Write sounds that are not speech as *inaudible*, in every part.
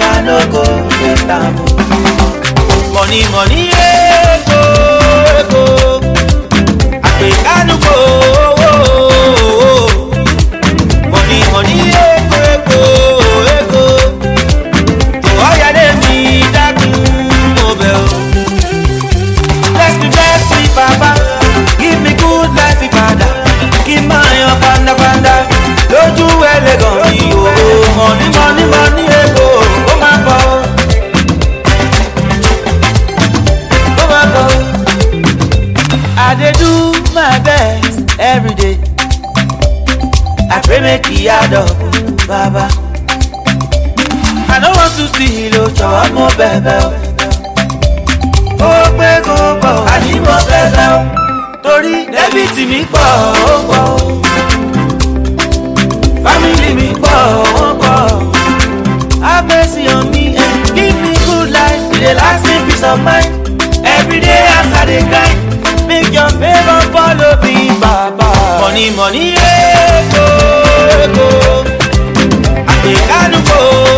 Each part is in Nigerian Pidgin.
i no go get money money ego ego àgbẹ̀ kánúkò go. Oh, oh, oh. money money ego ego ego tó ọ̀yàdé mi dákun mo bẹ̀ o. bless me bless me papa give me good life father. padà kí n panda, yan fandafanda lójú go. make e add up baba. I no want to see lo jọ̀wọ́ oh, mo bẹ̀bẹ̀ o. Ó pé kó pọ̀ àní mo bẹ̀bẹ̀ o. Torí débìtì mi pọ̀ ó pọ̀ o. Fámìlì mi pọ̀ ó pọ̀ o. Have on me and eh, give me good life. E dey last me peace of mind. Every day as I dey grind. Make your favour follow me, Baba. Money, money, yeah, go. I am I know.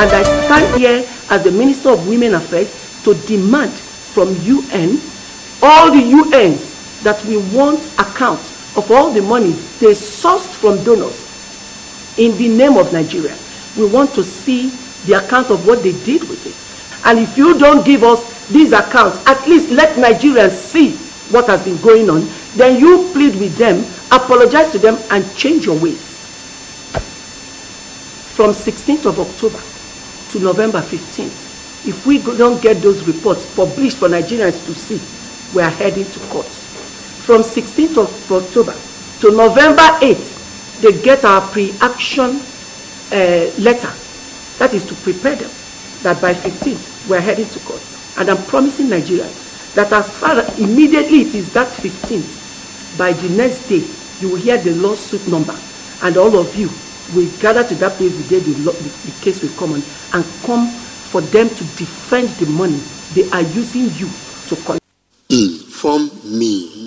And I stand here as the Minister of Women Affairs to demand from UN, all the UNs, that we want account of all the money they sourced from donors in the name of Nigeria. We want to see the account of what they did with it. And if you don't give us these accounts, at least let Nigerians see what has been going on. Then you plead with them, apologize to them, and change your ways. From 16th of October, to November 15th. If we don't get those reports published for Nigerians to see, we are heading to court. From 16th of October to November 8th, they get our pre-action uh, letter. That is to prepare them that by 15th, we are heading to court. And I'm promising Nigerians that as far as immediately it is that 15th, by the next day, you will hear the lawsuit number and all of you we gather to that place the day the, the, the case will come on and come for them to defend the money they are using you to collect. inform me.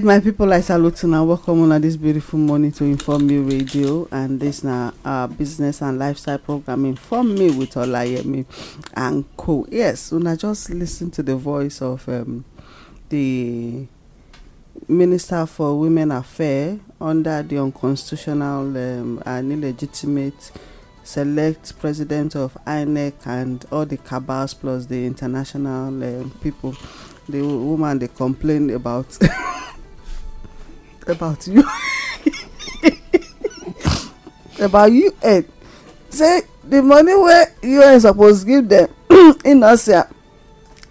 my people, i salute and welcome on this beautiful morning to inform me radio and this na our business and lifestyle program inform me with olayemi and co yes I just listen to the voice of um, the minister for women affairs under the unconstitutional um, and illegitimate select president of inec and all the cabals plus the international um, people, the woman they complain about *laughs* about you *laughs* about you eh? say the money wey un suppose give dem *clears throat* inasia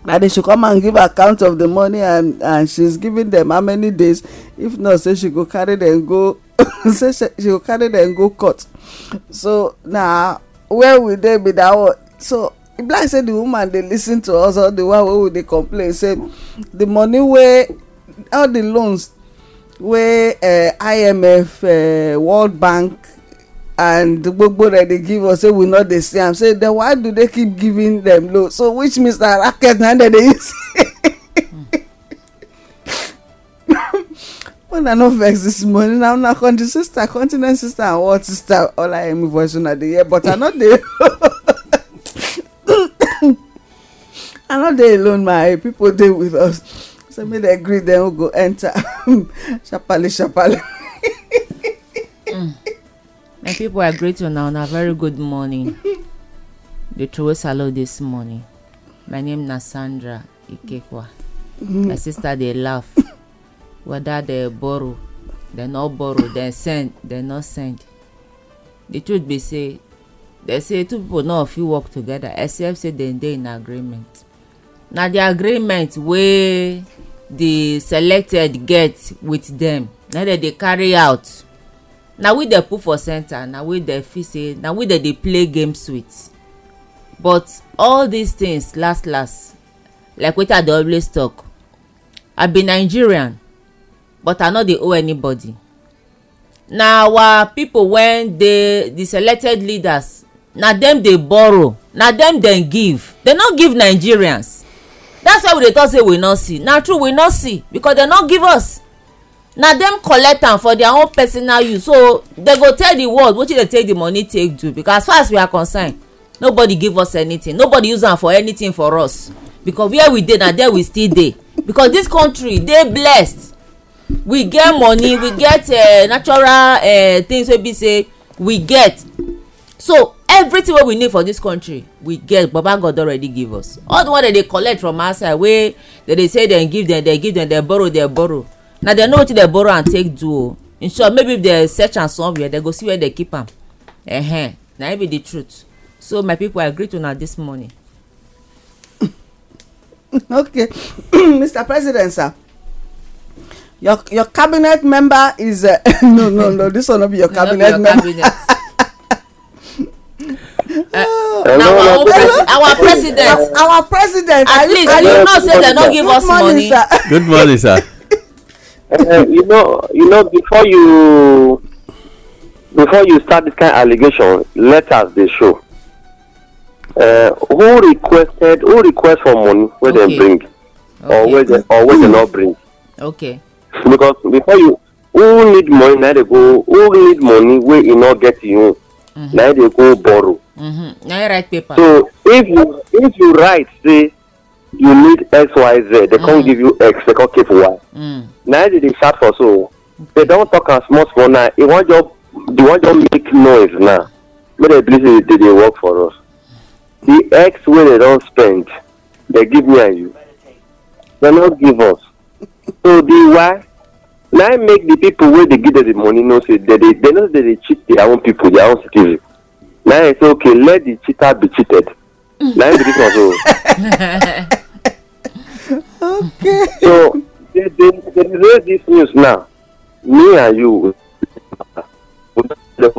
na they should come and give account of the money and and she's giving them how many days if not say she go carry them go *laughs* say she, she go carry them go court so na where we dey be that one so e be like say the woman dey lis ten to us all the while wey we dey complain say the money wey all the loans wey uh, eh, imf uh, eh, world bank and gbogbo rẹ dey give us say we no dey see am say then why do they keep giving them loan so which means na racket na dem dey use una *laughs* no vex this morning na una country sister continent sister and world sister olayemi voice una dey hear but i no dey *coughs* *coughs* i no dey alone my people dey with us say make dem gree dem we go enter sharparly *laughs* sharparly. mm. my people i greet una una very good morning The throway salute this morning my name na sandra ikekwa my sister dey laugh whether dem borrow dem no borrow dem send dem no send the truth be say dem say two people no fit work together except say dem dey in agreement na the agreement wey the selected get with them. na dem dey carry out na we dey put for center na we dey feel say na we dey dey play games with but all these things last last like wetin i dey always talk i be nigerian but i no dey owe anybody na our people wey dey the selected leaders na dem dey borrow na dem dem give dem no give nigerians that's why we dey talk say we no see na true we no see because dem no give us na dem collect am for their own personal use so dem go tell the world wetin dem take the money take do because as far as we are concerned nobody give us anything nobody use am for anything for us because where we dey na there we still dey because this country dey blessed we get money we get uh, natural uh, things wey be say we get so everything wey we need for this country we get baba god already give us all the one dem dey collect from outside wey dem dey say dem give dem dem give dem dem borrow dem borrow na dem know wetin dem borrow and take do o oh. in short maybe if dem search am somewhere dem go see where dem keep am uh -huh. na im be the truth so my people i greet una this morning. *laughs* okay *coughs* mr president sir your your cabinet member is uh, *laughs* no no no this one no be your cabinet no be your member. Cabinet. Uh, our, president our president at least you know say dem no give us money. *laughs* good morning sir. *laughs* Uh, you know you know before you before you start this kind of allegation letters dey show uh, who requested who request for money wey okay. dem bring okay. or wey dem or wey dem no bring. okay. because before you who need money na dey go who need money wey e no get im mm-hmm. own na dey go borrow Mm-hmm. na you write paper so if you if you write say you need X Y xyz dem can't mm. give you x dem come keep y na im mm. they dey shout for so They don't talk as much for now e want just di want just make noise now But dem believe say they dey work for us The x wey they don't spend they give me and you They not give us so the y na im make the people where they give them the money know say they they dem no they cheat their own pipo their own citizens now he say okay let the cheater be cheated na him be this one so. *laughs* okay. so they they they raise this news now me and you we don dey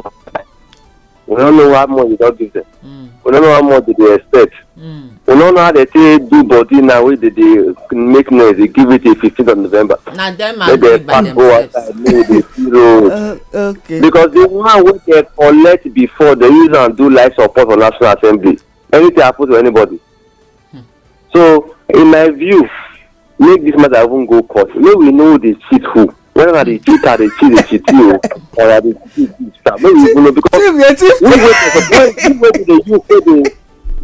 we no know how much you don give dem mm. we no know how much they dey expect mm. we no know how they take do body now wey dey dey make noise dey give it a fifteen of november na dem and me by themselves make dem pack go outside make we see road *laughs* uh, because the one wey dem collect before dey use am do life support for national assembly anything happen to anybody hmm. so in my view make this matter even go court make we know the cheat who whenever i the cheat i dey cheat dey cheat you or i the cheat you sha make you know because we wey dey dey use wey dey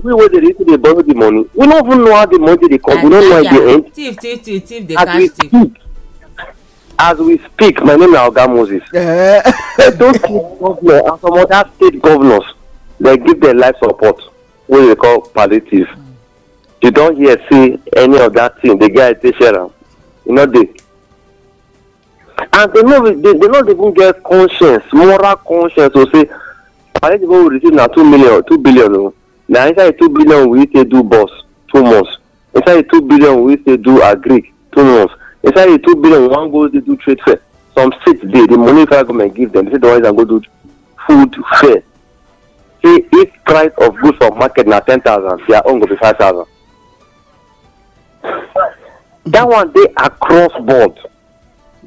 we wey dey use dey borrow the money we no even know how the money dey come we no know how e dey end thief thief thief thief dey catch thief as we speak my name na oga moses eh. those state governors and some other state governors dey give dem life support wey dey call palliative you don hear say any of dat thing the guy take share am e no dey and they no they, they not even get conscience moral conscience to say palatable we receive na two million two billion o na inside two billion we take do bus two months inside two billion we take do agric two months inside the two billion we wan go dey do trade fair some states dey the money federal government give them they say they wan use go do food fair say if price of goods for market na ten thousand their own go be five thousand that one dey across board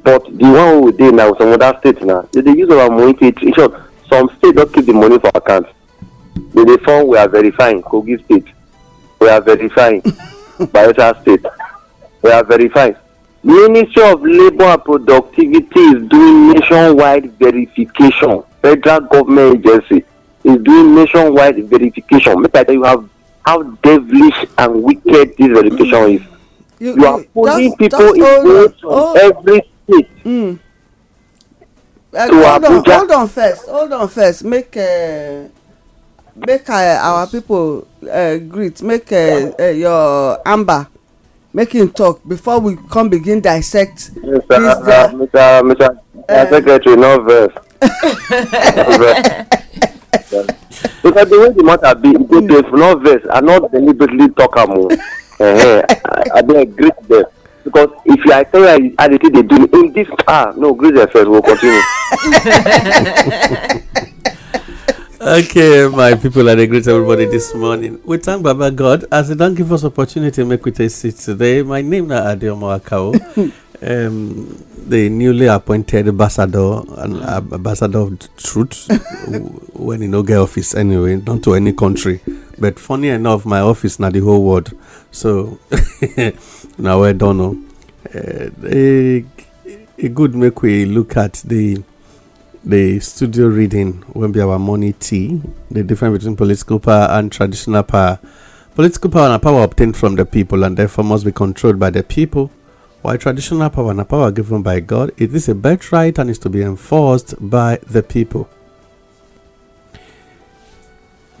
but the one wey we dey now, some other states na they dey use our money pay in short some states don keep the money for account they dey form we are verifying kogi state we are verifying *laughs* bayelsa state we are verifying ministry of labour and productivity is doing nationwide verification federal government agency is doing nationwide verification make i tell you how how devilish and wicked this verification is you, you are pulling people in votes from oh. every state. Mm. mm. Uh, hold On, hold on first hold on first make uh, make uh, our people uh, greet make uh, uh, your amber make him talk before we come begin dissect. Mr. This, uh, uh, uh, uh um, secretary no vex. *laughs* because the way the matter be e dey painful no vex i no deliberately talk am o abeg greet them because if you are terrorist how they they do in this ah no great. your first we will continue. *laughs* okay my people i dey greet everybody this morning we thank baba god as he don give us opportunity make with take seat today my name is adeomo akao *laughs* um, the newly appointed ambassador and ambassador of truth *laughs* when he no get office anyway not to any country but funny enough my office na the whole world so *laughs* now I don't know. It eh, good make we look at the the studio reading will be our money tea the difference between political power and traditional power political power and power obtained from the people and therefore must be controlled by the people while traditional power and power given by god it is a birthright and is to be enforced by the people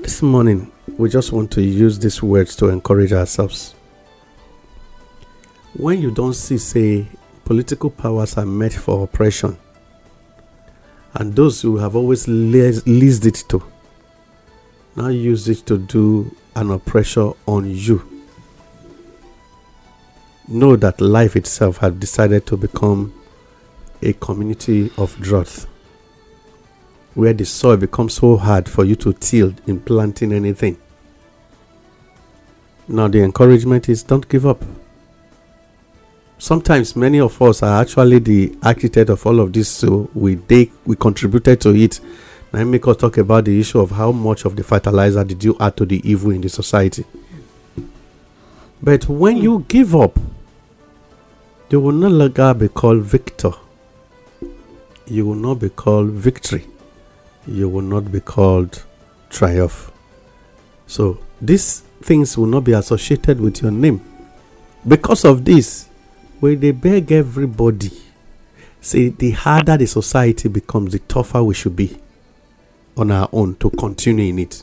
this morning we just want to use these words to encourage ourselves. When you don't see, say, political powers are meant for oppression, and those who have always leased it to now use it to do an oppression on you. Know that life itself has decided to become a community of drought where the soil becomes so hard for you to till in planting anything. Now, the encouragement is don't give up. Sometimes many of us are actually the architect of all of this, so we take, we contributed to it. Now, make us talk about the issue of how much of the fertilizer did you add to the evil in the society. But when you give up, you will no longer be called victor. You will not be called victory. You will not be called triumph. So, this things will not be associated with your name. Because of this, when they beg everybody, see, the harder the society becomes, the tougher we should be on our own to continue in it.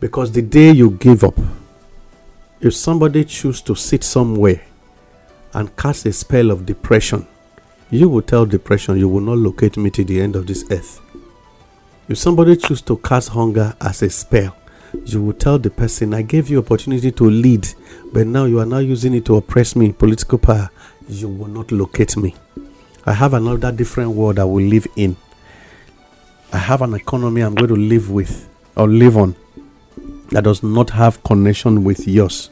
Because the day you give up, if somebody choose to sit somewhere and cast a spell of depression, you will tell depression you will not locate me to the end of this earth. If somebody choose to cast hunger as a spell, you will tell the person, I gave you opportunity to lead, but now you are now using it to oppress me, political power. You will not locate me. I have another different world I will live in. I have an economy I'm going to live with or live on that does not have connection with yours.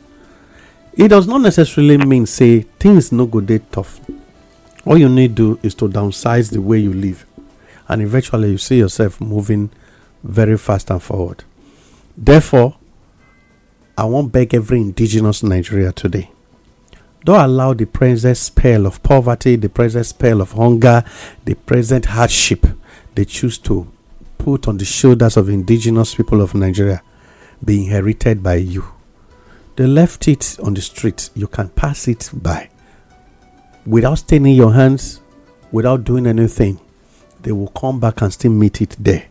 It does not necessarily mean say things no good. day tough. All you need to do is to downsize the way you live, and eventually you see yourself moving very fast and forward. Therefore, I won't beg every indigenous Nigeria today. Don't allow the present spell of poverty, the present spell of hunger, the present hardship they choose to put on the shoulders of indigenous people of Nigeria be inherited by you. They left it on the street. You can pass it by. Without staining your hands, without doing anything, they will come back and still meet it there.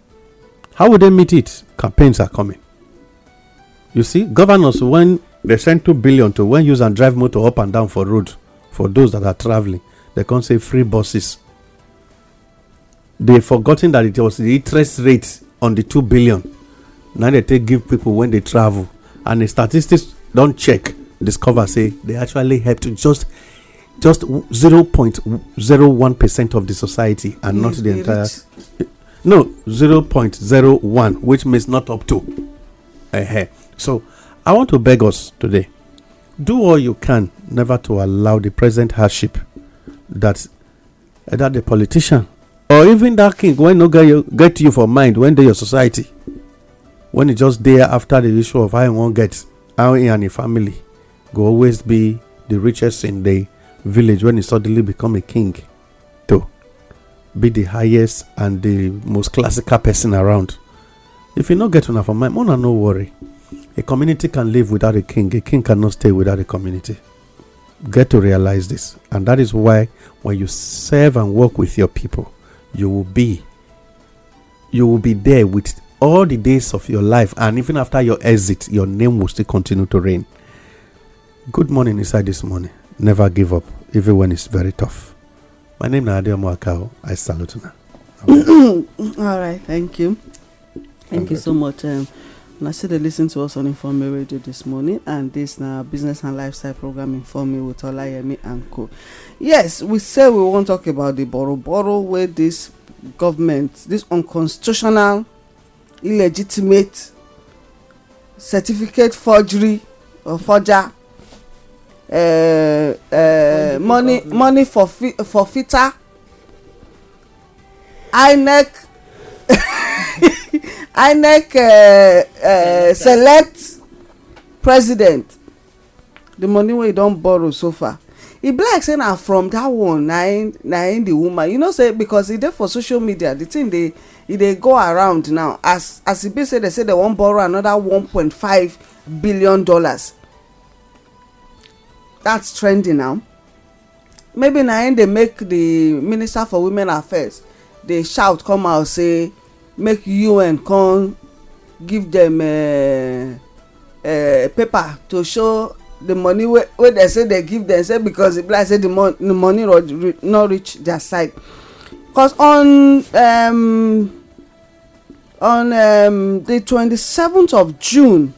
How will they meet it? Campaigns are coming. You see, governors when they send two billion to when use and drive motor up and down for road for those that are traveling, they can't say free buses. They've forgotten that it was the interest rate on the two billion. Now they take give people when they travel, and the statistics don't check discover say they actually helped just just 0.01 percent of the society and yes, not the entire no 0.01 which means not up to uh-huh. So I want to beg us today do all you can never to allow the present hardship that that the politician or even that king when no get, get you for mind when they your society when it just there after the issue of how one won't get how and family go always be the richest in the village when you suddenly become a king to be the highest and the most classical person around if you not get enough for mind una no worry a community can live without a king, a king cannot stay without a community. Get to realize this. And that is why when you serve and work with your people, you will be you will be there with all the days of your life and even after your exit your name will still continue to reign good morning inside this morning never give up even when it's very tough my name is nadia Mwakao. i salute you *coughs* all right thank you thank, thank you so much um, una still dey lis ten to us on informe radio this morning and this now business and lifestyle program informe with olayemi and co yes we say we won't talk about the borrow borrow where this government this unconstitutional illegitimate certificate forgery or forger uh, uh, money money forfeiter inec. *laughs* INEC uh, uh, select president the money wey e don borrow so far e be like say na from that one na im na im the woman you know say because e dey for social media the thing dey e dey go around now as as e be say they say they wan borrow another one point five billion dollars that's trending now maybe na im dey make the minister for women affairs dey shout come out say make un come give dem uh, eh, uh, eh, paper to show the money wey wey dem say dem give dem say because e be like say the, mon the money re no reach their side cause on um, on um, the twenty-seventh of june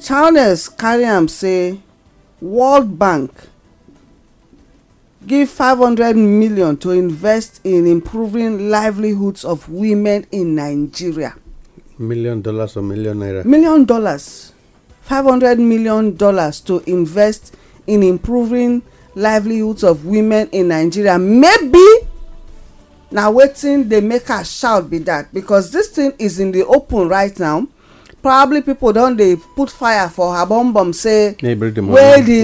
charles carry am say world bank give five hundred million to invest in improving livelihoods of women in nigeria million dollars or million naira million dollars five hundred million dollars to invest in improving livelihoods of women in nigeria maybe na wetin dey make her shout be that because this thing is in the open right now probably people don dey put fire for her bum bum say wey di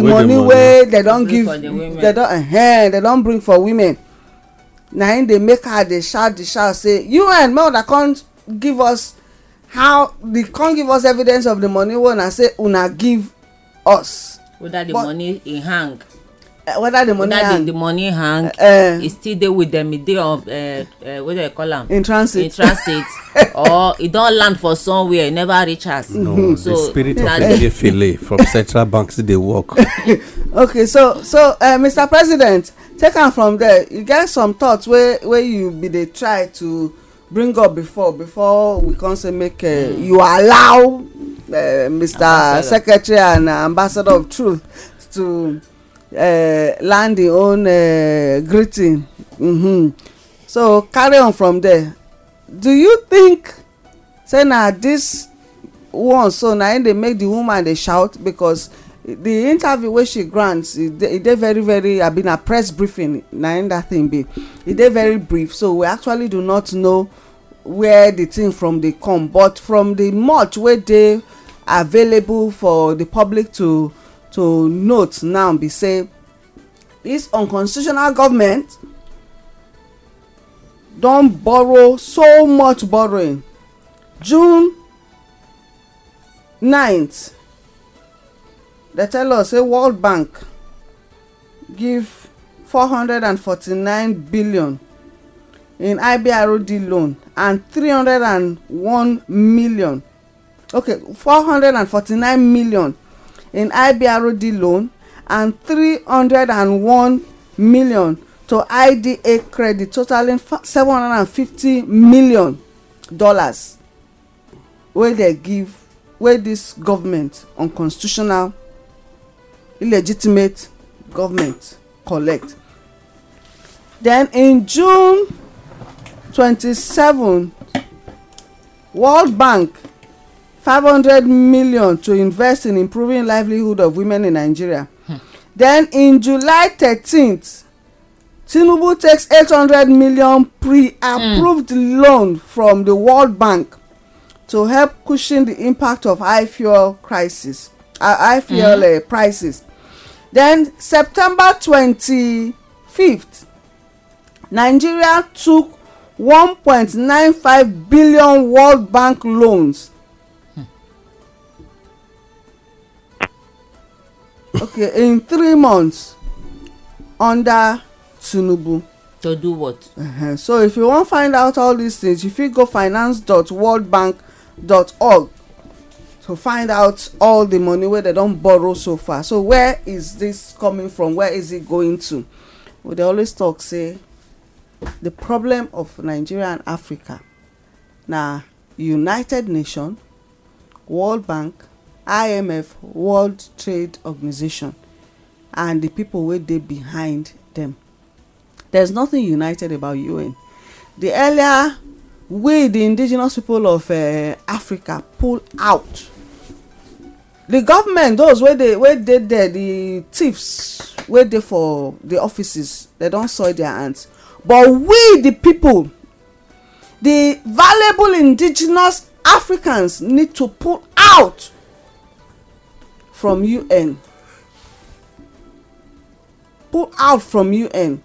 money wey dem don give dem don bring for women na im dey make her dey shout dey shout say un may una come give us how di come give us evidence of di money wey una say una give us. whether the money e hang Uh, whether the money whether hang the money hang uh, e still dey with them e dey on um, uh, uh, what do they call am in transit in transit *laughs* or e don land for somewhere e never reach us. no so hmm. the spirit of emefiele from *laughs* central bank still dey work. *laughs* okay so so uh, mr president take am from there you get some thoughts wey wey you be dey try to bring up before before we come say make uh, hmm. you allow uh, mr ambassador. secretary and uh, ambassador of truth to uh, land him own uh, greeting mm -hmm. so carry on from there do you think say na this one so na him dey make the woman dey shout because the interview wey she grant e, e dey very very abi na press briefing na him that thing be e dey very brief so we actually do not know where the thing from dey come but from the much wey dey available for the public to to note now be say this unconstitutional government don borrow so much borrowing june 9th dem tell us say world bank give 449 billion in ibrd loan and 301 million okay 449 million in ibrd loan and three hundred and one million to ida credit totaling seven hundred and fifty million dollars wey dey give wey dis government unconstitutional illegitimate government collect then in june twenty-seven world bank five hundred million to invest in improving livelihood of women in nigeria then in july thirteenth tinubu takes eight hundred million pre-approved mm. loan from the world bank to help cushion the impact of high fuel crisis uh, high fuel mm. uh, prices then september twenty-fifth nigeria took one point nine five billion world bank loans okay in three months under tinubu to do what uh -huh. so if you wan find out all these things you fit go finance.worldbank.org to find out all the money wey dem don borrow so far so where is this coming from where is it going to we dey always talk say the problem of nigeria and africa na united nations world bank imf world trade organization and the people wey dey behind them there's nothing united about un the earlier wey the indigenous people of uh, africa pull out the government those wey dey wey dey there the thieves wey dey for the offices they don soil their hands but we the people the valuable indigenous africans need to pull out from UN. Pull out from UN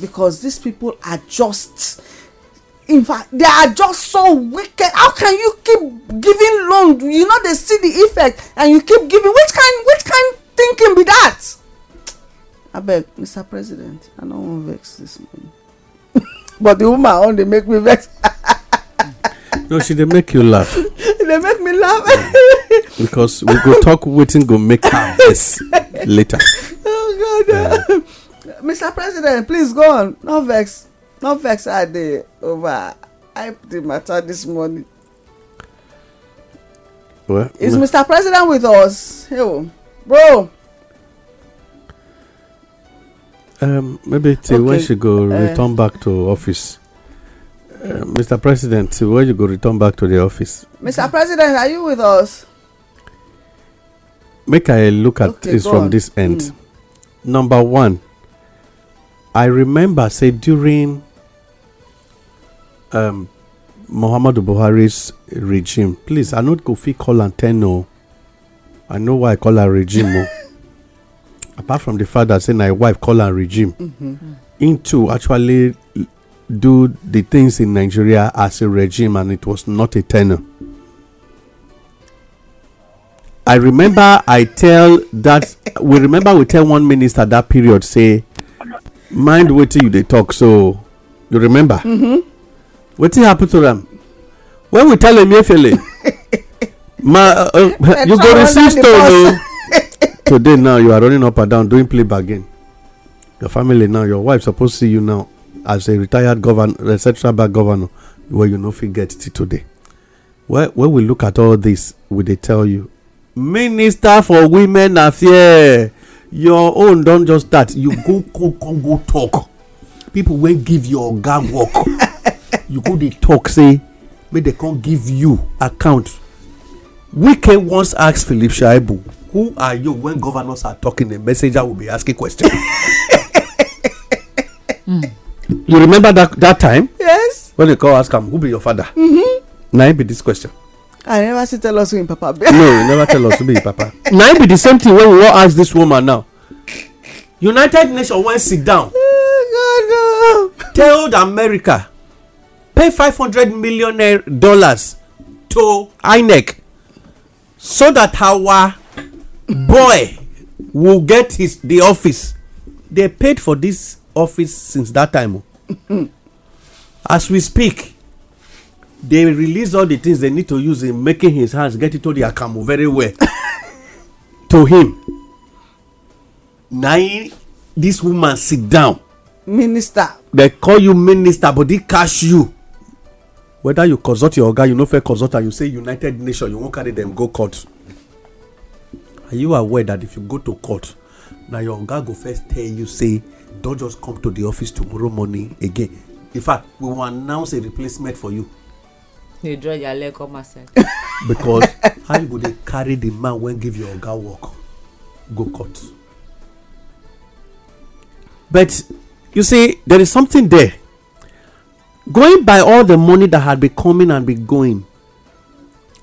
because these people are just in fact they are just so wicked how can you keep giving loan you know they see the effect and you keep giving which kind which kind thinking be that I beg, mr president i do want to vex this man, *laughs* but the woman only oh, make me vex *laughs* no she dey make you laugh *laughs* e make me laugh *laughs* because we go talk waiting, go make am vex later *laughs* oh god mr president please go on no vex no vex i dey over I the matter this morning well is mr president with us hey oh. bro um maybe till when she go uh, return back to office Uh, Mr. President, where you go return back to the office. Mr. President, are you with us? Make I look at okay, this from on. this end. Mm. Number one, I remember say during um, Muhammadu Buhari's regime. Please, I not go fit call antenna. I know why I call her regime. Oh. *laughs* Apart from the fact that say my wife call her regime, mm-hmm. into actually do the things in Nigeria as a regime and it was not a tenor. I remember I tell that we remember we tell one minister that period say mind waiting you they talk so you remember mm-hmm. what happened to them when we tell them yefele *laughs* ma uh, uh you go receive stone oh. *laughs* today now you are running up and down doing play again your family now your wife supposed to see you now as a retired governor central bank governor where you no fit get till today where we look at all this we they tell you minister for women affairs your own don't just start you go go come go talk people won't give your oga work *laughs* you go dey talk say may they can't give you account wike once ask philip shaibu who are you when governors are talking The messenger will be asking questions. *laughs* mm you remember that that time. yes. when they call ask am who be your father. Mm -hmm. na him be this question. i never see tell us who him papa be. no you never *laughs* tell us who be him papa. na him be the same thing wey we wan ask this woman now. united nations wan sit down. Oh, God, no. tell america pay five hundred million dollars to inec so that our boy will get his the office they paid for this office since that time as we speak they release all the things they need to use in making his hands get into the akamu very well *laughs* to him na this woman sit down minister they call you minister but they catch you whether you consult your oga you no fair consult am you say united nations you wan carry them go court are you aware that if you go to court na your oga go first tell you say Don't just come to the office tomorrow morning again. In fact, we will announce a replacement for you. You draw your leg come myself. *laughs* Because how you go carry the man when give your girl work go court? But you see, there is something there. Going by all the money that had been coming and been going,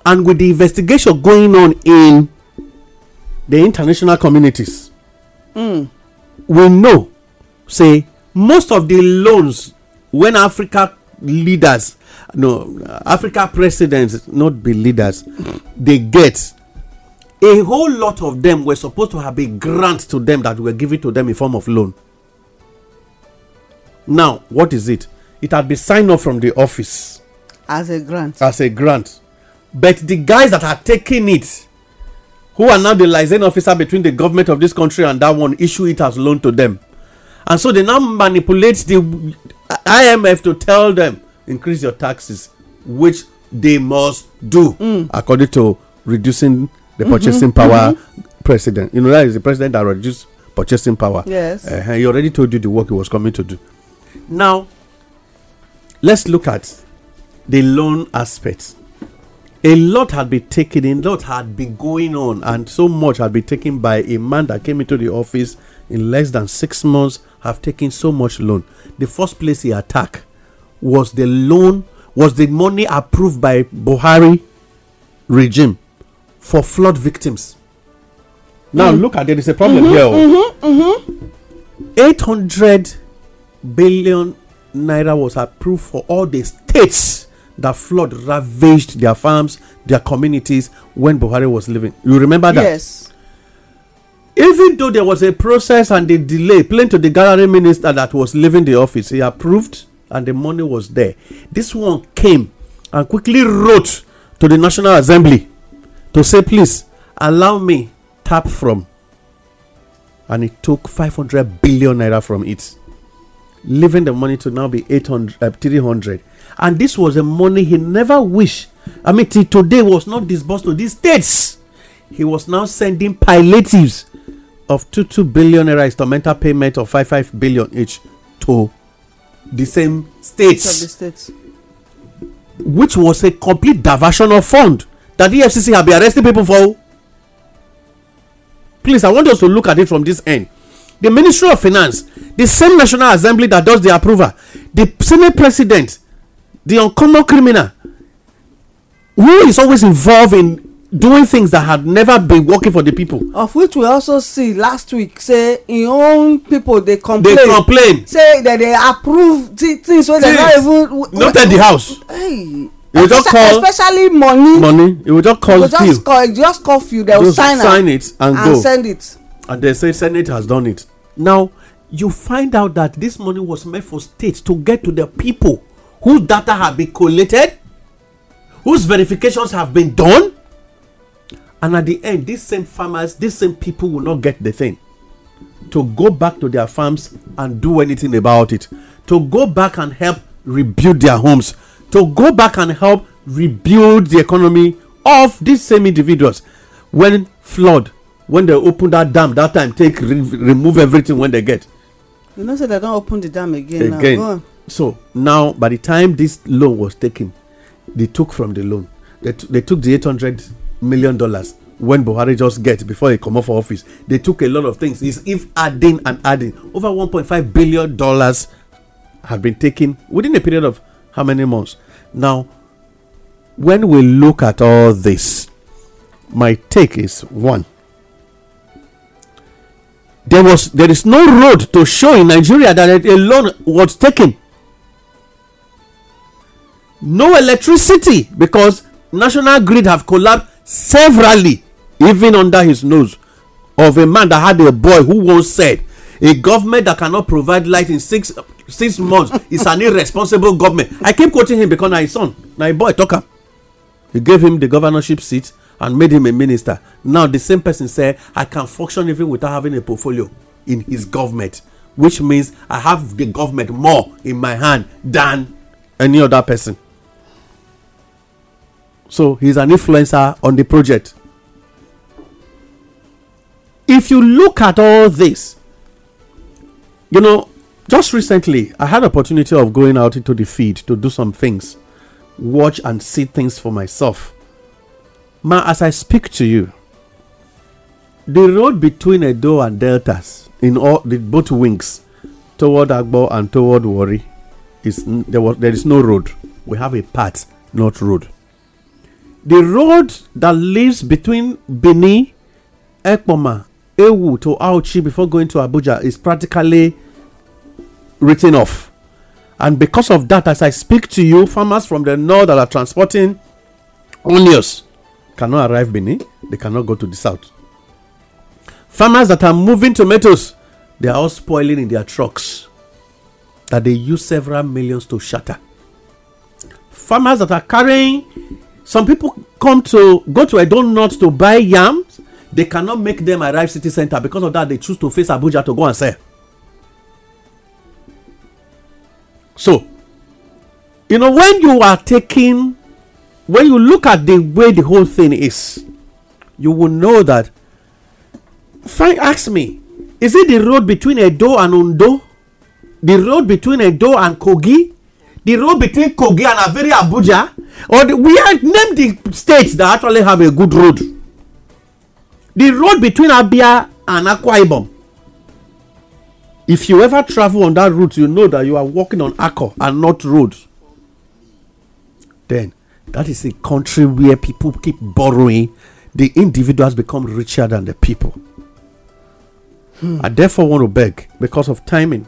and with the investigation going on in the international communities, mm. we know say most of the loans when Africa leaders, no, Africa presidents, not be leaders, they get a whole lot of them were supposed to have a grant to them that were given to them in form of loan. Now, what is it? It had been signed off from the office as a grant. As a grant, but the guys that are taking it, who are now the liaison officer between the government of this country and that one, issue it as loan to them. And so they now manipulate the IMF to tell them increase your taxes, which they must do mm. according to reducing the mm-hmm, purchasing mm-hmm, power mm-hmm. president. You know, that is the president that reduced purchasing power. Yes. Uh, he already told you the work he was coming to do. Now, let's look at the loan aspect. A lot had been taken in, lot had been going on, and so much had been taken by a man that came into the office in less than six months have taken so much loan. The first place he attacked was the loan, was the money approved by Buhari regime for flood victims. Now mm. look at it, it's a problem mm-hmm, here. Mm-hmm, mm-hmm. hundred naira was approved for all the states that flood ravaged their farms, their communities when Buhari was living. You remember that? Yes even though there was a process and a delay plain to the gallery minister that was leaving the office he approved and the money was there this one came and quickly wrote to the national assembly to say please allow me tap from and it took 500 billion naira from it leaving the money to now be 800 uh, 300 and this was a money he never wished i mean today was not disbursed to these states he was now sending palliatives of two two billion naira instrumental payment of five five billion each to the same states, the states. which was a complete diversion of fund that the FCC had been arresting people for please i want us to look at it from this end the ministry of finance the same national assembly that does the approval the senate president the uncommon criminal who is always involved in doing things that had never been working for the people. of which we also see last week say in own people they complain They complain say that they approve things they're not even. noted the house. Hey. It just call especially money. Money. It will just call will just few. Call, just call They will sign, sign it and, and go. send it. And they say Senate has done it. Now you find out that this money was meant for states to get to the people whose data have been collated, whose verifications have been done, and at the end, these same farmers, these same people will not get the thing to go back to their farms and do anything about it, to go back and help rebuild their homes, to go back and help rebuild the economy of these same individuals. When flood, when they open that dam, that time take re- remove everything when they get. You know, so they don't open the dam again. Again. Now. So now, by the time this loan was taken, they took from the loan. They, t- they took the 800 million dollars when Buhari just get before he come off for office. They took a lot of things. Is if adding and adding over 1.5 billion dollars have been taken within a period of how many months? Now, when we look at all this, my take is one. There was there is no road to show in Nigeria that a loan was taken. No electricity because national grid have collapsed severally even under his nose of a man that had a boy who once said a government that cannot provide light in six six months is an irresponsible government i keep quoting him because na his son na him boy talk am he gave him the governorship seat and made him a minister now the same person say i can function even without having a portfolio in his government which means i have the government more in my hand than any other person So he's an influencer on the project. If you look at all this, you know, just recently I had opportunity of going out into the field to do some things, watch and see things for myself. Ma, as I speak to you, the road between Edo and Deltas in all the both wings toward Agbo and toward Wari is there was there is no road. We have a path, not road. The road that leads between Bini, Ekpoma, Ewu to Auchi before going to Abuja is practically written off. And because of that, as I speak to you, farmers from the north that are transporting onions cannot arrive Bini, they cannot go to the south. Farmers that are moving tomatoes, they are all spoiling in their trucks that they use several millions to shatter. Farmers that are carrying some people come to go to Edo North to buy yams. They cannot make them arrive city center because of that. They choose to face Abuja to go and sell. So, you know, when you are taking, when you look at the way the whole thing is, you will know that. Fine, ask me, is it the road between Edo and Undo? The road between Edo and Kogi? the road between Kogi and Averi Abuja, or the, we have named the states that actually have a good road. The road between Abia and Akwa Ibom. If you ever travel on that route, you know that you are walking on Akko and not road. Then that is a country where people keep borrowing. The individuals become richer than the people. Hmm. I therefore want to beg, because of timing,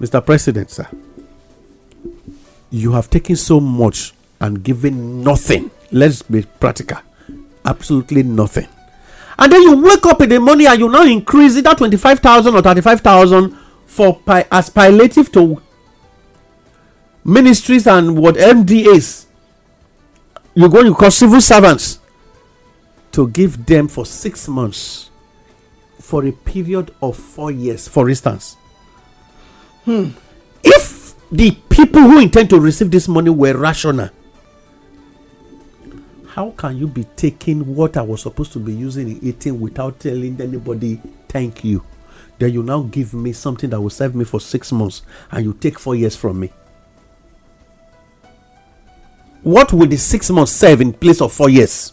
Mr. President, sir you have taken so much and given nothing. Let's be practical. Absolutely nothing. And then you wake up in the morning and you now increase it at 25,000 or 35,000 for pi- as palliative to ministries and what MDAs. You go, you call civil servants to give them for six months for a period of four years, for instance. Hmm. If the people who intend to receive this money were rational. How can you be taking what I was supposed to be using in eating without telling anybody thank you? Then you now give me something that will serve me for six months and you take four years from me. What will the six months serve in place of four years?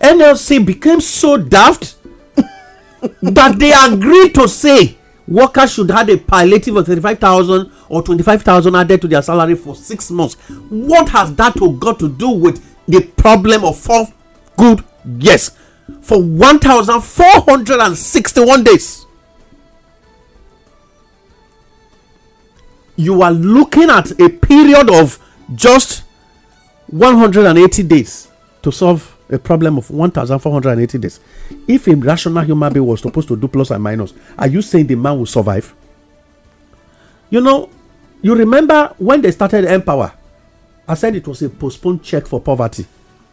NLC became so daft *laughs* that they agreed to say workers should have a palliative of 35,000 or 25,000 added to their salary for six months. What has that got to do with the problem of four good years for 1,461 days? You are looking at a period of just 180 days to solve a problem of 1,480 days. If a rational human being was supposed to do plus and minus, are you saying the man will survive? You know, you remember when they started Empower, I said it was a postponed check for poverty.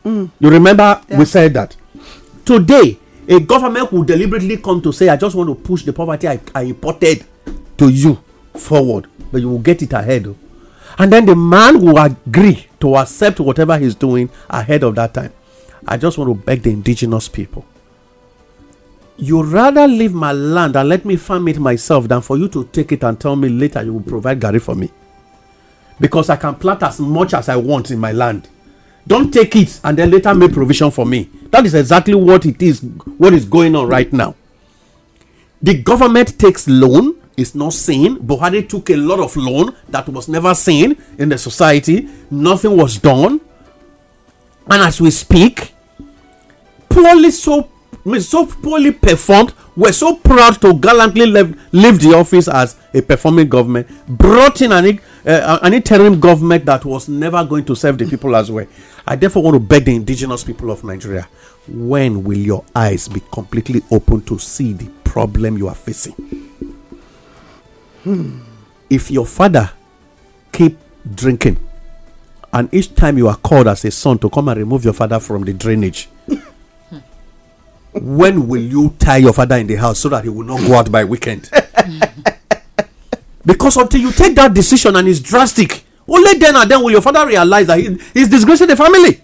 Mm. You remember yeah. we said that. Today, a government will deliberately come to say, I just want to push the poverty I, I imported to you forward, but you will get it ahead. Oh. And then the man will agree to accept whatever he's doing ahead of that time. I just want to beg the indigenous people. You'd rather leave my land and let me farm it myself than for you to take it and tell me later you will provide Gary for me. Because I can plant as much as I want in my land. Don't take it and then later make provision for me. That is exactly what it is, what is going on right now. The government takes loan, it's not seen. Buhari took a lot of loan that was never seen in the society. Nothing was done. And as we speak, poorly so I mean, so poorly performed were so proud to gallantly leave, leave the office as a performing government brought in an, uh, an interim government that was never going to serve the people as well i therefore want to beg the indigenous people of nigeria when will your eyes be completely open to see the problem you are facing hmm. if your father keep drinking and each time you are called as a son to come and remove your father from the drainage when will you tie your father in the house so that he will not go out by weekend? because until you take that decision and it's drastic, only then and then will your father realize that he, he's disgracing the family.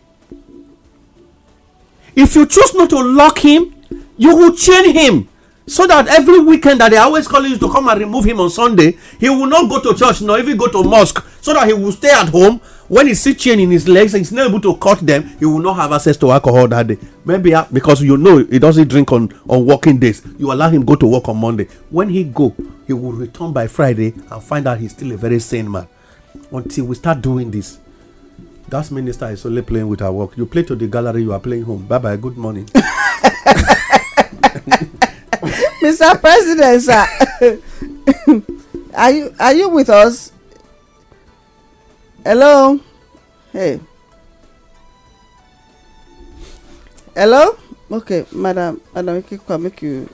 If you choose not to lock him, you will chain him so that every weekend that they always call you to come and remove him on Sunday, he will not go to church nor even go to mosque so that he will stay at home when he see chain in his legs and he's not able to cut them he will not have access to alcohol that day maybe ah, because you know he doesn't drink on on working days you allow him go to work on monday when he go he will return by friday and find out he's still a very sane man until we start doing this that minister is only playing with our work you play to the gallery you are playing home bye bye good morning *laughs* mr president sir *laughs* are you are you with us hello hey hello okay madam madam ikekwa make you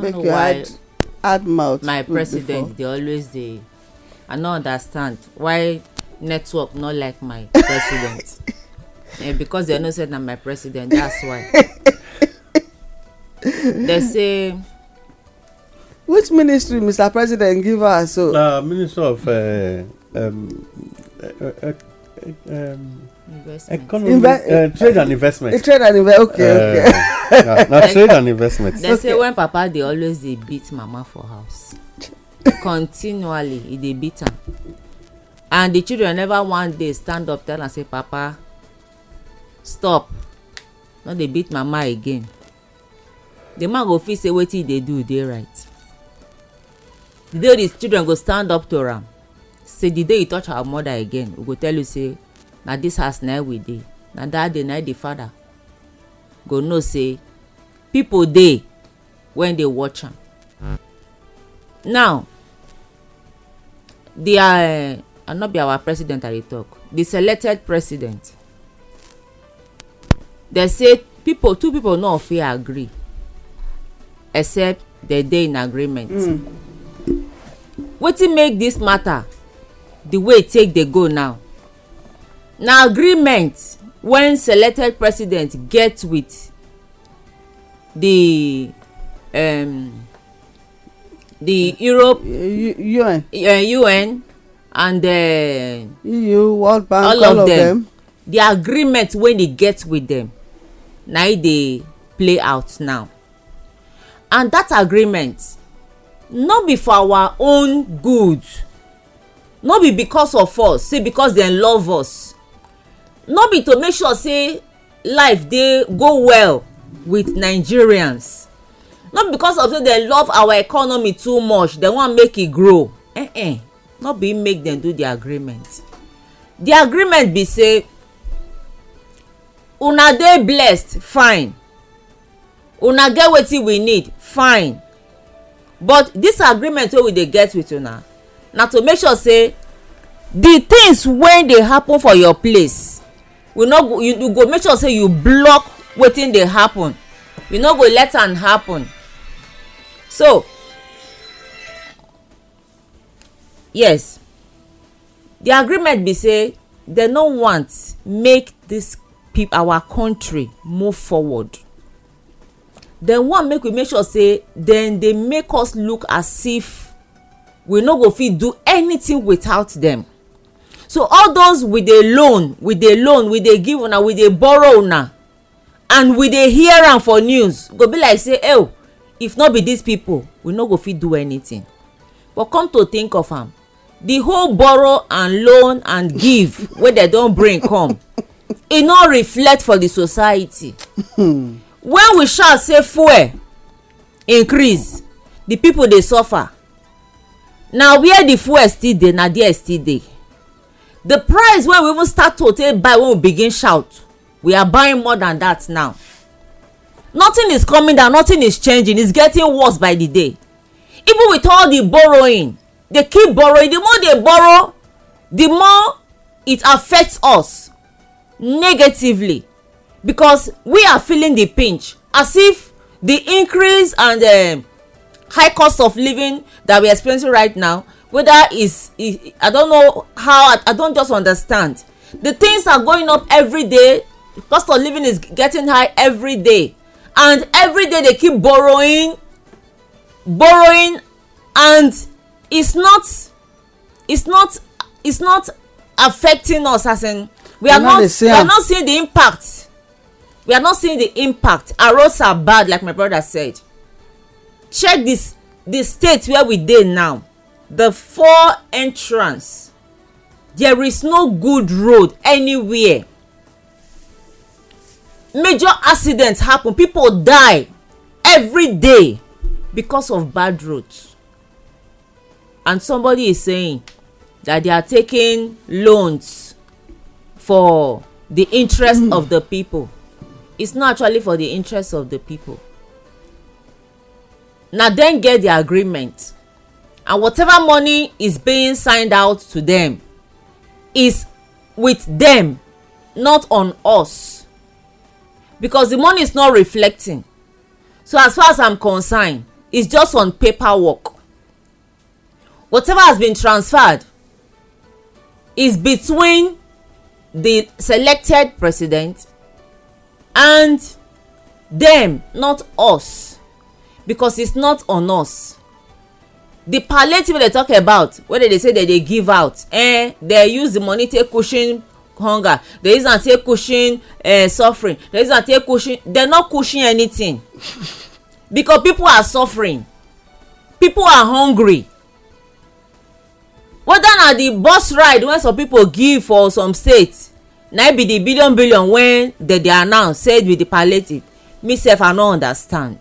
make you add add mouth my president dey always dey i no understand why network no like my *laughs* president eh, because dem know say na my president that's why dem say. which ministry mr president give her so. na uh, minister of uh, um, a, trade and investment. trade and investment okay uh, okay. na, na *laughs* trade and investment. they okay. say when papa dey always dey beat mama for house *laughs* continually he dey beat am and the children never one day stand up tell am say papa stop no dey beat mama again the man go feel say wetin he dey do dey right the day the children go stand up to am say the day you touch our mother again we go tell you say na this house na we dey na that day na the father go know say people dey when they watch am now the uh, i no be our president i dey talk the selected president dey say people two people no fit agree except dey dey in agreement mm. wetin make this matter the way e take dey go now na agreement wen selected president get wit di um, the europe un uh, un and uh, eu world bank all, of them, them. the agreement wey dey get with them na e dey play out now and that agreement no be for our own good no be because of us say because dem love us no be to make sure say life dey go well with nigerians no be because of say dem love our economy too much dem wan make e grow eh eh no be make dem do the agreement the agreement be say una dey blessed fine una get wetin we need fine but this agreement wey we dey get with una na to make sure say the things wey dey happen for your place we no go you, you go make sure say you block wetin dey happen you no go let am happen so yes the agreement be say dem no want make this people our country move forward dem want make we make sure say dem dey make us look as if we no go fit do anything without them so all those we dey loan we dey loan we dey give una we dey borrow una and we dey hear am for news go be like say oh if no be these people we no go fit do anything but come to think of am the whole borrow and loan and give *laughs* wey dem don bring come e no reflect for the society hmm. when we shout say fuel increase the people dey suffer na where the fuel still dey na there still dey the price wey we even start to take buy when we begin shout we are buying more than that now nothing is coming down nothing is changing it's getting worse by the day even with all the borrowing they keep borrowing the more they borrow the more it affects us negatively because we are feeling the pinch as if the increase and um, high cost of living that we are experiencing right now whether is i don't know how I, I don't just understand the things are going up every day cost of living is getting high every day and every day they keep borrowing borrowing and it's not it's not it's not affecting us as in we are not we are not seeing the impact we are not seeing the impact our roads are bad like my brother said check this the state where we dey now the four entrance there is no good road anywhere major accidents happen people die every day because of bad roads and somebody is saying that they are taking loans for the interest mm. of the people it's not actually for the interest of the people na dem get di agreement and whatever money is being signed out to dem is with dem not on us because the money is not reflecting so as far as i'm concerned it's just on paperwork whatever has been transferred is between the selected president and them not us because it's not on us the palliative wey dey talk about wey dey say dey dey give out eh dey use the money take cushion hunger dey use am take cushion eh, suffering dey use am take cushion dey no cushion anything *laughs* because people are suffering people are hungry whether na the bus ride wey some people give for some states na e be the billion billion wey dem dey announce said with the palliative me sef i no understand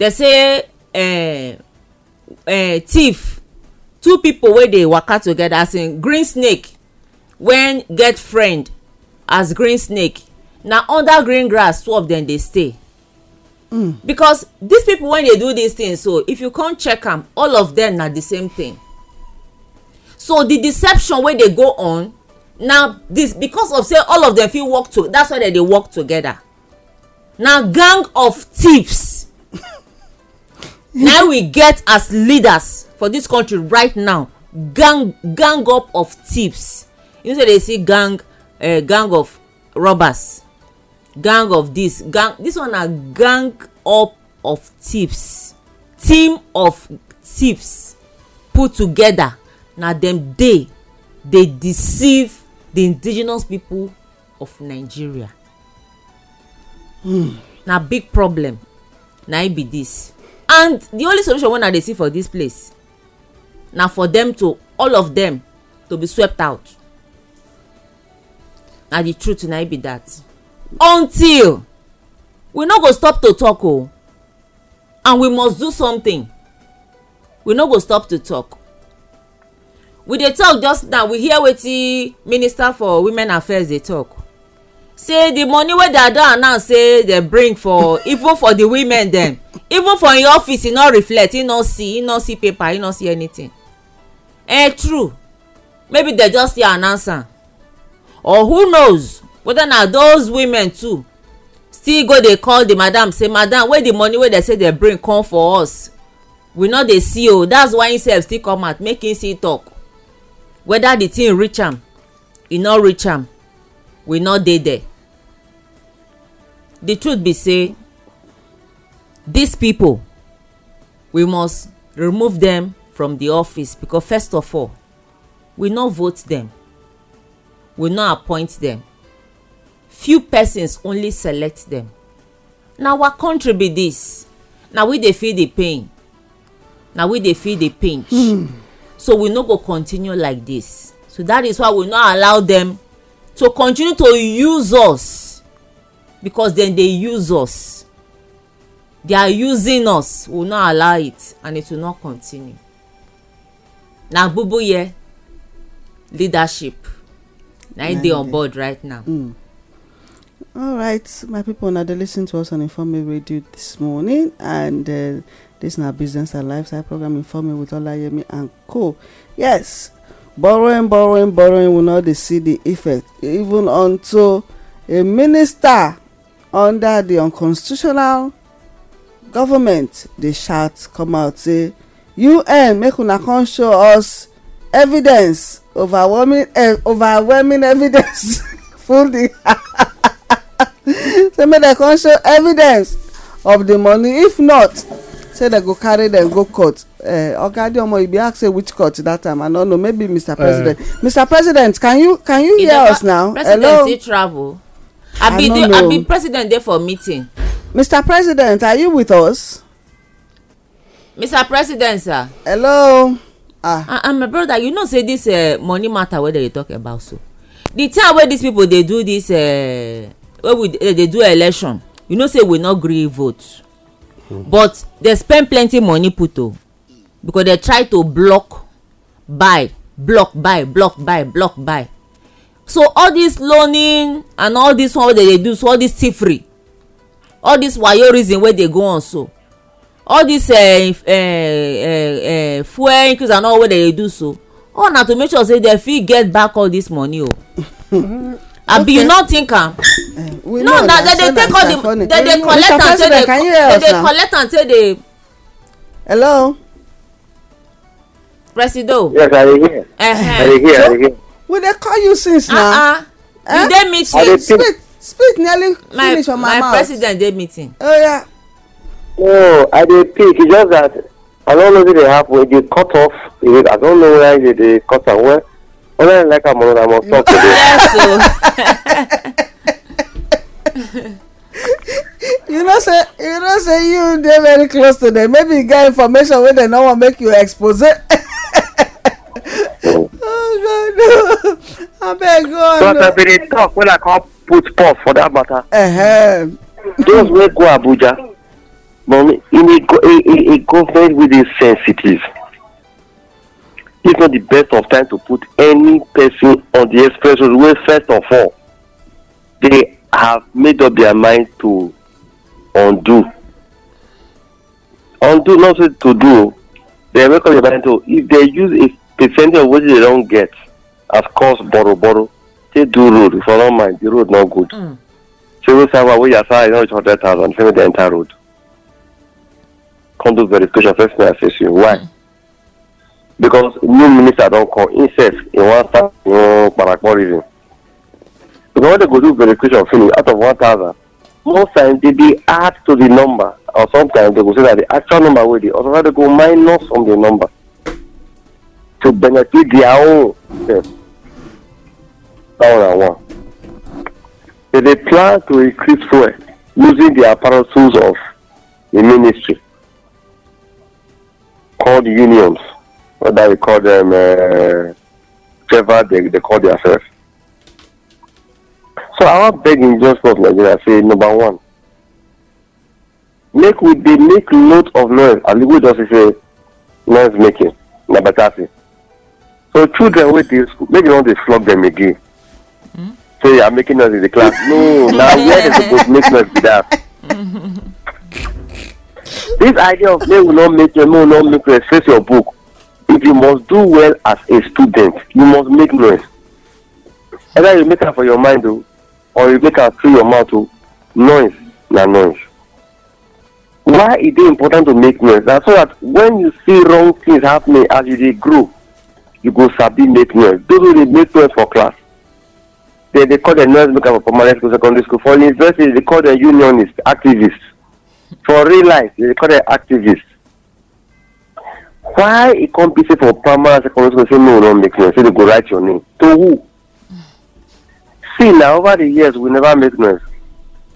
dey say uh, uh, thief two people wey dey waka together as in green snake wen get friend as green snake na under green grass two of dem dey stay. Mm. because these people wey dey do these things so if you come check am all of them na the same thing so the deception wey dey go on na this because of say all of them fit work to that's why they dey work together na gang of thieves na we get as leaders for dis country right now gang gang up of thieves you know say dey see gang uh, gang of robbers gang of this gang this one na gang up of thieves team of thieves put together na dem dey dey deceive the indigenous people of nigeria mm. na big problem na e be this and the only solution wey i dey see for this place na for them to all of them to be swept out na the truth na e be that until we no go stop to talk o and we must do something we no go stop to talk we dey talk just now we hear wetin minister for women affairs dey talk say the money wey dem don announce say dem bring for even for the women dem even for im office e no reflect e no see e no see paper e no see anything eh true maybe dem just dey announce am or who knows whether na those women too still go dey call the madam say madam wey the money wey dem say dem bring come for us we no dey see o that's why himself still come out make him still talk whether the thing reach am e no reach am we no dey there the truth be say these people we must remove them from the office because first of all we no vote them we no appoint them few persons only select them na our country be this na we dey feel the pain na we dey feel the pinch mm. so we no go continue like this so that is why we no allow them to continue to use us because dem dey use us they are using us we will not allow it and it will not continue na gbogbo year leadership na e dey on board right now. Mm. all right my people una dey lis ten to us on informe radio this morning and uh, this na business and lifestyle program informe with olayemi and co yes borrowing borrowing borrowing we no dey see the effect even until a minister under the unconstitutional government dey shout come out say un make una come show us evidence overwhelming eh, overwhelming evidence *laughs* full di *laughs* say make dem come show evidence of the money if not say dem go carry dem go court eh, oga adeomo you be ask say which court that time i no know maybe mr eh. president mr president can you can you hear us now hello president still travel i be president dey for meeting Mr. President, are you with us? Mr. President, sir. Hello. Ah. And, uh, and uh, my brother, you know say this uh, money matter wey dem dey talk about so. The time wey these people dey do this uh, wey we dey uh, do election, you know say we no gree vote. Mm. But they spend plenty money put o oh, because they try to block buy block buy block buy block buy. So all this loaning and all this one wey dem dey do so all this tiffery all this wayo reason wey dey go on so all this uh, uh, uh, uh, fuel increase and all wey dey do so all oh, na to make sure say dem fit get back all this money o oh. *laughs* abi ah, you ah? eh, no think am no na dem dey take all the dem dey collect am say dey dey collect am say dey. hello. presido. yes i dey hear. Uh -huh. i dey hear i dey hear. we dey call you since na. Uh -uh. you eh? dey meet me speak nearly my, finish for my, my mouth. my president dey meeting. Oh, yeah. no i dey pick e just that i no know if dey happen e dey cut off i don't know why e dey cut am well whether i like am or not i must talk today. yes *laughs* you know say you know say you dey very close to them maybe you get information wey dem no wan make you expose. *laughs* *laughs* abeg god oh, no. but i bin dey talk when i come put pause for that matter. Uh -huh. those wey go abuja mami in a a a government wey dey sensitive if not the best of time to put any person on the express road wey first of all they have made up their mind to undo undo not say to do they make up their mind to if they use a percentage of wetin dem don get as cost borrow borrow take do road for one mind the road no good mm. civil servant wey your salary don reach hundred thousand say make dem enter road come do verification first thing i say to you why mm. because new minister don come him sef he wan start him own kparakpo reason because when they go do verification finish out of one thousand most times they dey add to the number or sometimes they go say na the actual number wey dey or sometimes they go minus from the number to benefit their own. All right, one. If they plan to increase fuel using the apparatus of the ministry called unions, whether we call them uh, whatever they, they call themselves. So our begging just of Nigeria say number one, make we they make note of noise and we just say noise making na better thing so children wey dey school make you no dey flog them again say you are making noise in the class no na *laughs* where dem suppose make noise be that this idea of make we no make noise make we no make noise face your book if you must do well as a student you must make noise either you make am for your mind o oh, or you make am through your mouth o oh, noise na noise why e dey important to make noise na so that when you see wrong things happening as you dey grow you go sabi make noise those wey dey make noise for class dem dey call them noise maker for primary school secondary school for university dem dey call them unionist activist for real life dem dey call them activist why e come be say for primary and secondary school say no you no make noise say they go write your name to who see na over the years we never make noise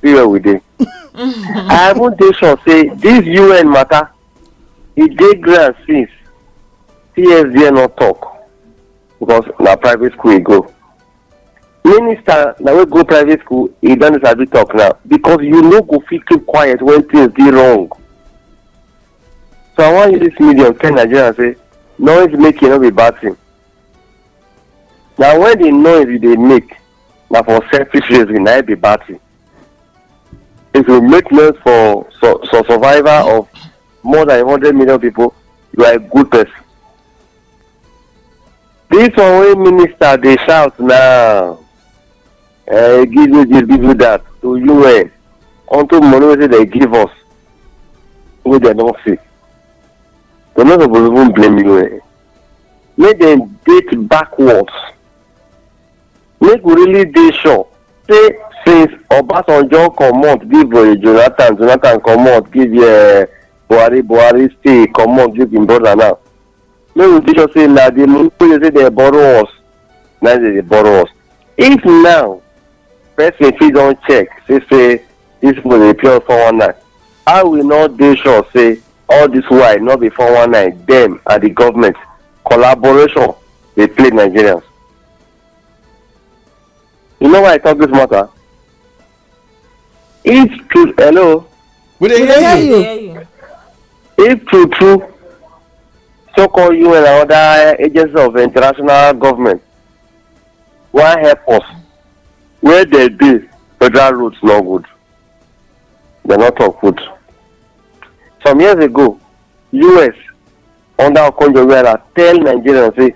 see where we dey *laughs* i even dey sure say this un matter e dey ground since tsdn no talk because na private school e go minister na wey go private school e don sabi talk now because you no go fit keep quiet when things dey wrong so i wan use this medium tell nigerians say noise making no be bad thing na when the noise you dey make na for selfish reason na it e be bad thing if you make noise for so, so survival of more than a hundred million people you are a good person This one wey minister dey shout now uh, give me give me that to UN. unto money wey say dem give us wey dem don see dem no suppose even blame us make dem date backwards make we really dey sure say since obasanjo comot give jonathan jonathan comot give eh, buhari buhari stay comot give im brother now make we make sure say na the money wey dey say dey borrow us na dey dey borrow us if now person fit don check say say this money dey pure four one nine how we no dey sure say all this Why no be four one nine dem and the government collaboration dey play nigerians you know why i talk this matter if true hello we dey hear you if true true so-called UN and other agencies of international government wan help us where dey dey federal roads no good dem no talk good some years ago us under okonjo weala tell nigerians say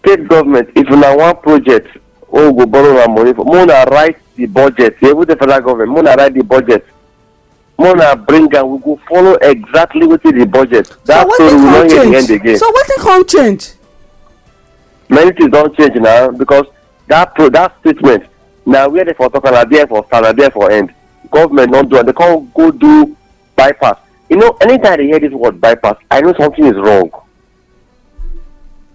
state government if una wan project wey oh, we go borrow una money for make una write the budget even the federal government make una write the budget mona bring am we go follow exactly wetin di budget dat story we no hear di end again so wetin come change many things don change na because that pro dat statement na where dey for talk na there for start na there for end government no do am dey come go do bypass you know anytime i dey hear this word bypass i know something is wrong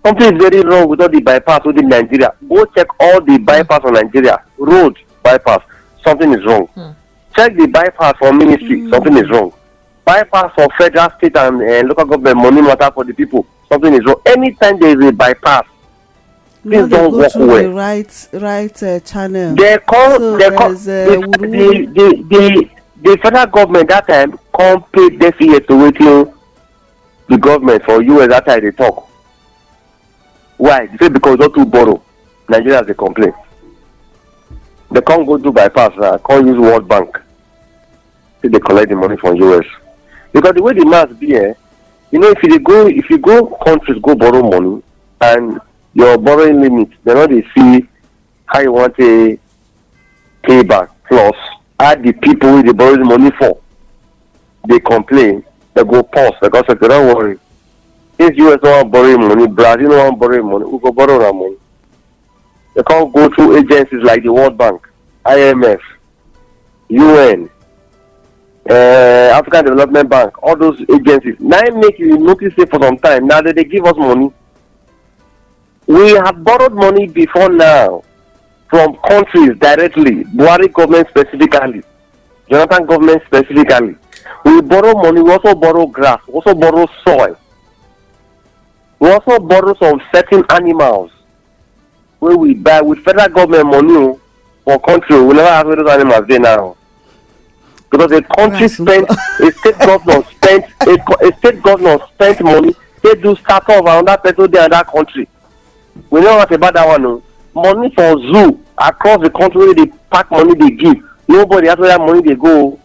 something is very wrong with all the bypass wey dey nigeria go check all the bypass for nigeria road bypass something is wrong. Hmm check the bypass for ministry mm. something is wrong bypass for federal state and uh, local government money matter for the people something is wrong anytime there is a bypass things no, don't work well the right right uh, channel they call so they call eh, the, the, the the the federal government that time come pay deaf ear to wetin the government for us that time dey talk why they say because we don too borrow nigerians dey complain they come go do bypass na uh, come use world bank still dey collect the money from us because the way the mass be eh you know if you dey go if you go countries go borrow money and your borrowing limit dem no dey see how you wan take pay back plus add the people wey dey borrow the money for dey complain dem go pause dem go say don't worry if us no wan borrow im money brazil no wan borrow im money who go borrow am money dem come go through agencies like the world bank imf un uh, african development bank all those agencies Now im make you notice it for some time Now that they give us money we have borrowed money before now from countries directly buhari government specifically jonathan government specifically we borrow money we also borrow grass we also borrow soil we also borrow some certain animals Where we buy with federal government money for country we never have those animals there now because the country spent a state governor spent a, a state governor spent money they do start off another person dey another country we no want about that one o money for zoo across the country wey dey pack money dey give nobody ask where that money dey go o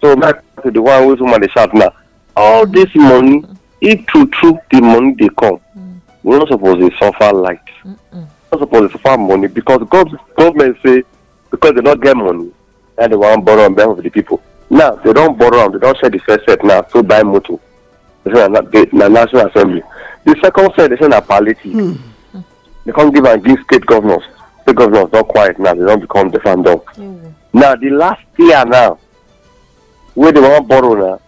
so my to the one wey woman dey shout now all this money if true true the money dey come mm. we no suppose dey suffer like. mm we no suppose dey suffer money because government say because they no get money that they want borrow on behalf of the people now they don't borrow am they don't share the first set now to buy motor they say na national assembly the second set they say na palliative mm. they come give and give state governors state governors don quiet now they don't become the fandom mm. now the last year now where they want borrow now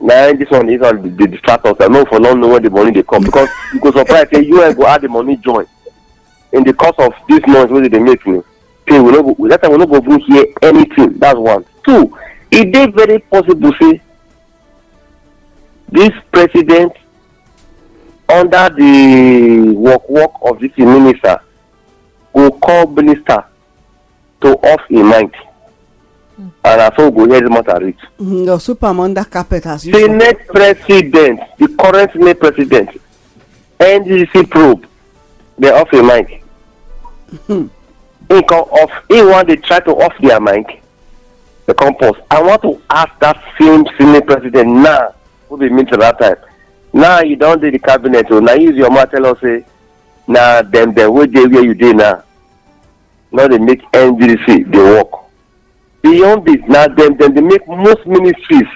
Now this one is on the distract us i no for long know where the money they come because because go surprise say us go add the money join in the course of this month What did they dey make you know pay we no go that time we no go even hear anything that's one two e dey very possible say this president under the work work of this minister go call minister to off im mind hmm. and na so we go hear the matter reach no hmm, super am carpet as usual senate president the current senate president ndc probe dey off im mind hmm he come off he wan dey try to off their mind the compost i want to ask that same senior president now wey be meet that time now you don dey the cabinet o oh. na use your mouth tell us say na dem dem wey dey where you dey now no dey make ndc dey work beyond this na dem dem dey make most ministries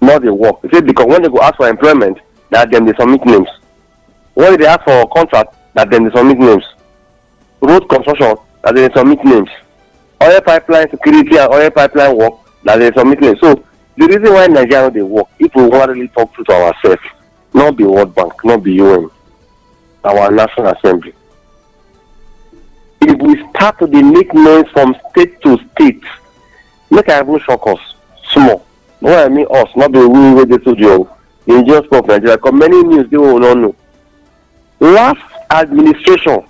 no dey work say because when they go ask for employment na dem dey submit names when they dey ask for contract na dem dey submit names road construction na there submit names, oil pipeline security and oil pipeline work na there submit names. so the reason why nigeria no dey work if we wan really talk true to ourselves no be world bank no be un our national assembly if we start to dey make noise from state to state make i even shock us small no i mean us no be we wey dey studio o the indian school nigeria come many news dey wey we no know last administration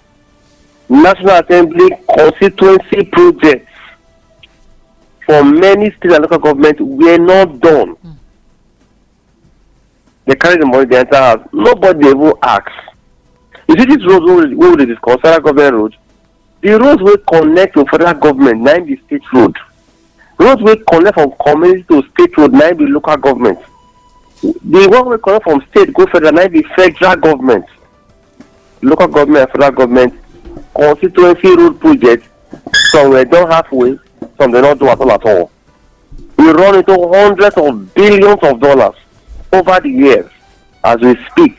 National Assembly constituency projects for many state and local governments were not done. Mm. They carry the money, they enter house. Nobody ever asks. You see these roads wey we dey discuss, federal government roads, the roads wey connect to federal government na the state road. Roads wey connect from community to state road na the local government. The one wey connect from state go federal na the federal government. Local government and federal government constituency road projects some were done halfway some dey not do at all at all we run into hundreds of billions of dollars over the years as we speak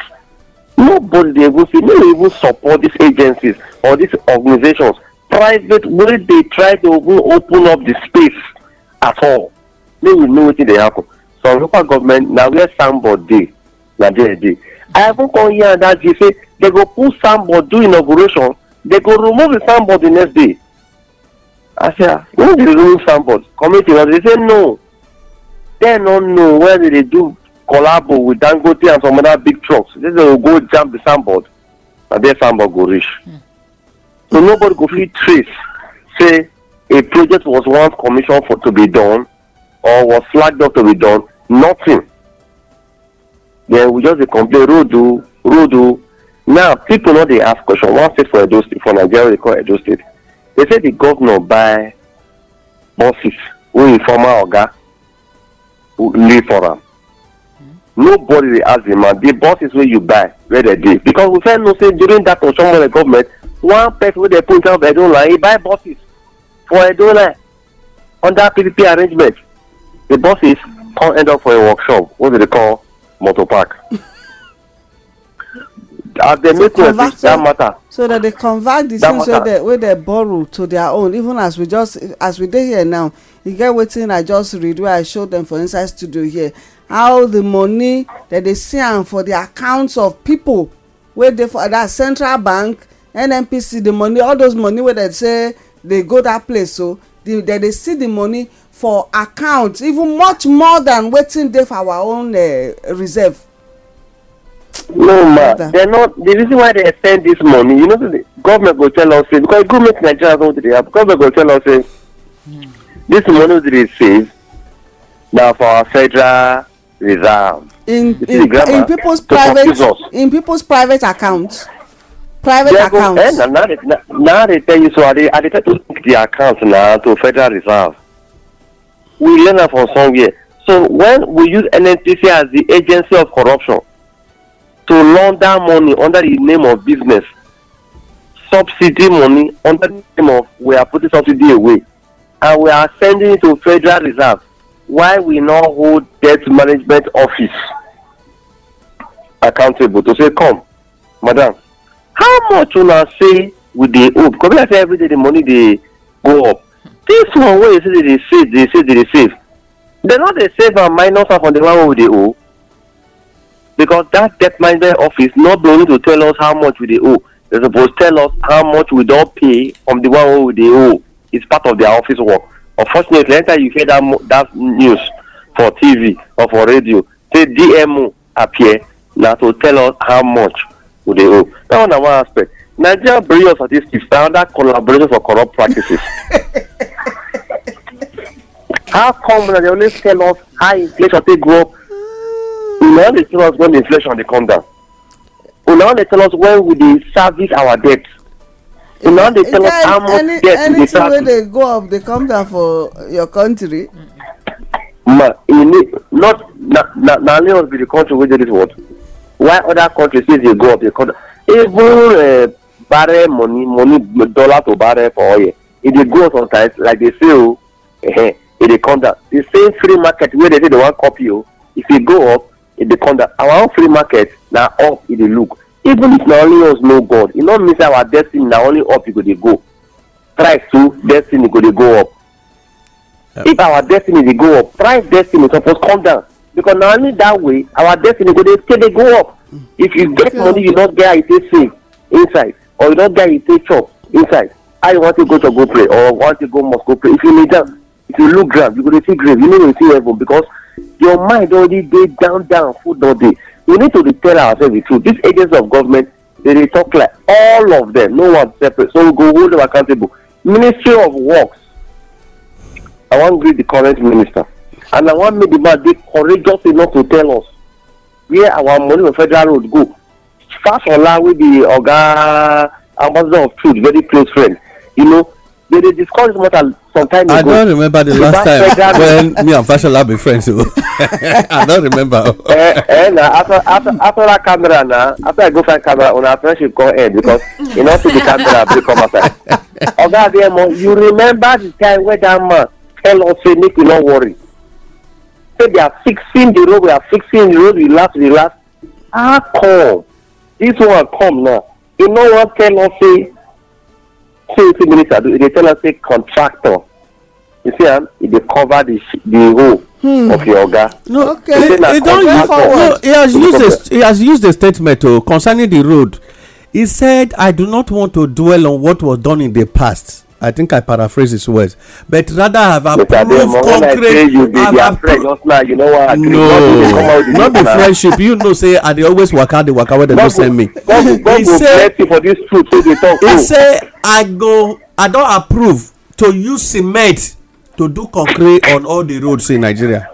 nobody dey even see no even support these agencies or these organizations private wey dey try to even open up the space at all make we know wetin dey happen some local government na where sandboard dey na there e dey i even come hear another gist say they go put sandboard do inauguration they go remove the signboard the next day i say ah when they remove signboard Committee well they say no They don't know when they do collabo with dangote and some other big trucks they say go jump the signboard na there signboard go rich. mm. so nobody go fit trace say a project was once commissioned for to be done or was flagged up to be done nothing then we just dey complain road o road o now people, no they ask question one state for edo state for nigeria they call edo state They say the govnor buy buses who im former oga live for am nobody they ask di man the buses where you buy where they dey because we first no say during that dat the government one person wey dey put inside of edo line he buy buses for edo line under pdp arrangement the buses come end up for a workshop what do they call motor park *laughs* as they make profit so, that matter. so that they convert the things wey they wey they borrow to their own even as we just as we dey here now e get wetin i just read wey i show them for inside studio here how the money dem dey see am for the accounts of people wey dey for that central bank nnpc the money all those money wey dem say dey go that place so dem dey see the money for account even much more than wetin dey for our own uh, reserve no ma They're not. the reason why they spend this money you know the government go tell us say because go make nigeria know what they have government go tell us say hmm. this money wey they save na for our federal reserve. in in, in people's private in people's private account private yeah, account. Now eh, na, they tell you so Are they are they try to link the accounts now to federal reserve we learn am from somewhere so when we use nnpc as the agency of corruption to launder money under the name of business subsidy money under the name of we are putting subsidy away and we are sending it to federal reserve why we no hold debt management office accountable to say come madam how much una say we dey owe because like say everyday the money dey go up this one wey you say dey save dey save dey save dem no dey save am minus am from the one wey we dey owe because that debt management office not be only to tell us how much we dey owe they suppose tell us how much we don pay from the one wey we dey owe it's part of their office work unfortunately anytime you hear that that news for tv or for radio say dmo appear na to tell us how much we dey owe that one na one aspect nigeria bureau of statistics na under collaboration for corrupt practices *laughs* how come na dey always tell us how inflation take go up Now dey tell us when inflation dey come down una dey tell us when we dey service our debt una dey tell us how much debt we dey service. anything wey dey go up dey come down for your country. ma e need not na na na only us be the country wey dey dis world while other countries still dey go up dey come down even uh, eh, barrel money money dollar to barrel for oil e dey go sometimes like they say o uh -huh, eh, eh, e dey come down the same free market wey dey say they wan copy o oh, if e go up e dey come our own free market na up e dey look even if na only us know god e no mean say our destiny na only up e go dey go price too destiny go dey go up if our destiny dey go up price destiny suppose come down because na only that way our destiny go dey stay dey go up mm. if you get money you no get how you take save inside or you no get how you take chop inside how you wan take go church go pray or wan take go mosque go pray if you need am if you look grave, you go dey see grave you no go dey see heaven because your mind already dey down down food don dey we need to dey tell ourselves the truth these agents of government they dey talk like all of them no one separate so we go hold them accountable ministry of works i wan greet the current minister and i wan make the man dey courageous enough to tell us where our money for federal road go fasola wey be oga ambassador of truth very close friend you know they dey discuss this matter some time I ago. i don remember the last time when me and fashola be friends o oh. *laughs* i don remember. ẹ oh. ẹ eh, eh, na after after after that camera na after i go find camera una friendship come end because you no see the camera break come outside. oga abiemo you remember the time wey dat man tell us say make we no worry say they are fixing the road we are fixing the road we last we last how come this one come now You no wan tell us say 20 Minister, ago, they tell us a contractor. You see, um, ah, they cover the, the role. Hmm. of your oga. no okay he, don use no he has used a he has used a statement o oh, concerning the road he said i do not want to dwell on what was done in the past I think I paraphrase his words. But rather have approved concrete. You, they, have they just now. You know what? No, not the friendship. You know, say I they always work out. They work out. They don't send me. God will, God he for this truth, they talk he say I go. I don't approve to use cement to do concrete on all the roads in Nigeria.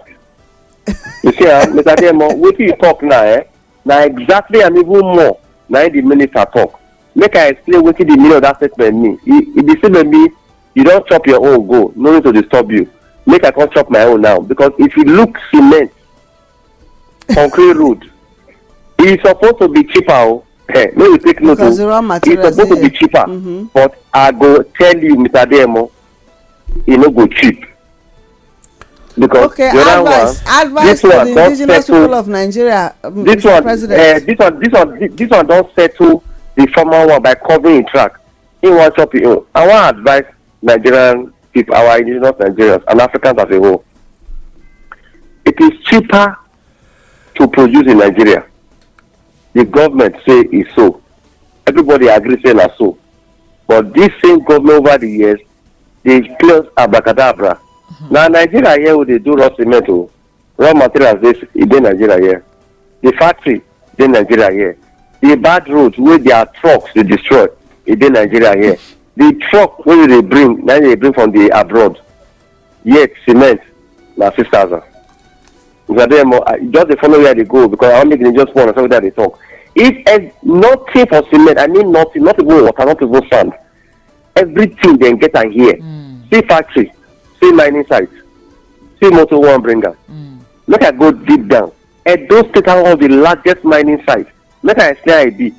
you see, uh, Mr. Ademo, wetin you talk now, eh? Now exactly and even more. Now the minister talk make i explain wetin the meaning of that statement mean e, e be say maybe you don chop your own go no need to disturb you make i come chop my own now because if you look cement *laughs* concrete road e suppose to be cheaper o eh no you take note o e suppose to be cheaper mm-hmm. but i go tell you mr adeyemo e no go cheap because okay, the other one this one don settle this one uh, this one this one this one don settle the former one by covering im track im wan chop im own i to advise nigerian people our indigenous nigerians and africans as a whole it is cheaper to produce in nigeria the government say e so everybody agrees say na so but this same government over the years they close abracadabra mm -hmm. na nigeria here where they do raw cement oh. raw materials this in e nigeria here the factory in nigeria here the bad roads wey their trucks dey destroy e dey nigeria here the truck wey we dey bring na dey bring from the abroad yet cement na six thousand if i dey more i just dey follow where i dey go because i wan make the just one. understand wetin i dey talk if if nothing for cement i mean nothing not even water not even sand everything dem get am here mm. see factory see mining site see motor one bringer. am mm. make i go deep down edo state has one of the largest mining sites make i explain how e be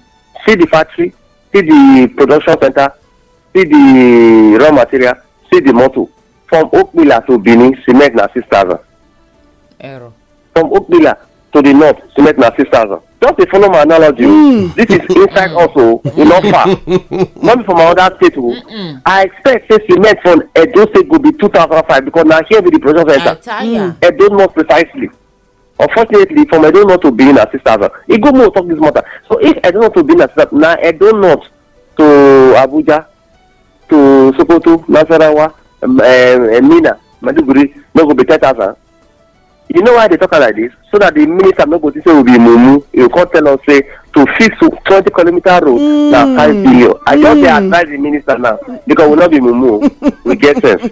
see the factory see the production center see the raw material see the motor from okpila to benin cement na six thousand from okpila to the north cement na six thousand just dey follow my analogy o mm. this is inside us o e no far *laughs* no be from another state o oh. i expect say cement from edo state go be two thousand five because na here be the production center mm. edo north precisely unfortunately from edo north to benin na six thousand e go more talk this matter so if I edo north to benin na six thousand na edo north to abuja to sokoto nasarawa um, um, um, mina Maduguri, no go be ten thousand you know why i dey talk am like this so that the minister no go think say we be mumu he go come tell us say to fix twenty kilometer road mm. na hmm. five billion i just dey hmm. advise the minister now because we no be mumu we get sense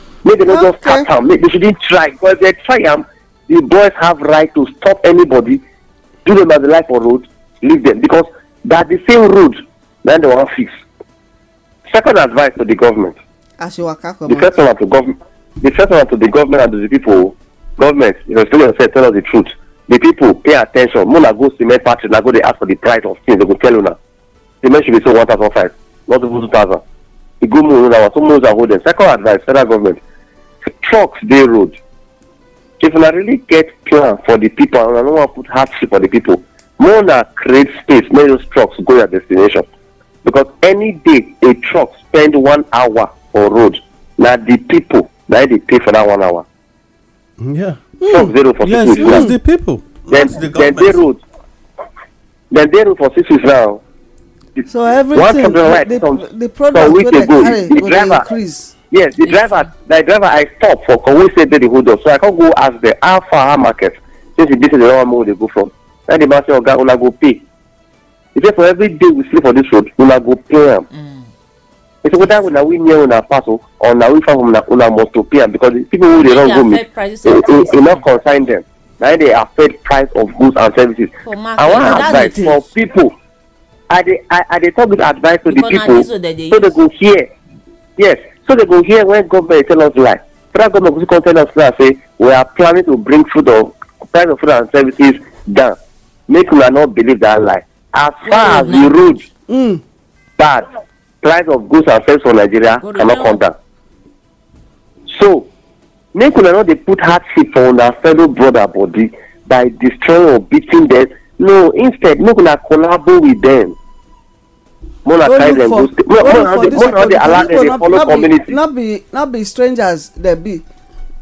*laughs* make dem no just cut am make dem should dey try because dem try am the boys have right to stop anybody do them as the life for road leave them because that the same road na dem wan fix second advice to the government as you waka comot the first one to government the first one to the government and to the people government you know still say tell us the truth the people pay at ten tion muna go cement factory na go dey ask for the price of things they go tell una cement should be sold one thousand five not even two thousand e go move una one two move una hold second advice federal government trucks dey road if we really get plan for the people and we don't want to put hardship for the people, more than create space, make those trucks go their destination. Because any day a truck spend one hour on road, now the people now they pay for that one hour. Mm, yeah. Truck mm. zero for yes, six weeks. Yes, the people. Then, the then they road. Then they road for six weeks now. So everything, the, the, the product so they carry will increase yes the driver the driver i stop for conway say dey the hold up so i come go ask dem how far how market since e be say the one wey we dey go from Then the man say oga una go pay he say for every day we sleep for this road una go pay am mm. he say whether una we near una pass oh, or una we far from una una must to pay am because the people wey dey run go meet e e no concern dem na im dey affect price of goods and services i wan advise for people i dey i dey talk this advice to the people so they go hear yes so they go hear when government tell us lie federal government go still come tell us lie say we are planning to bring food or price of food and services down make una no believe that lie as far oh, as the road mm. bad price of goods and services for nigeria cannot come down so make una no dey put hardship for una fellow brother body by destroying or beating them no instead make una collabo with them more na time dem go stay more na dey allow dem dey follow community. no be no be strangers dem be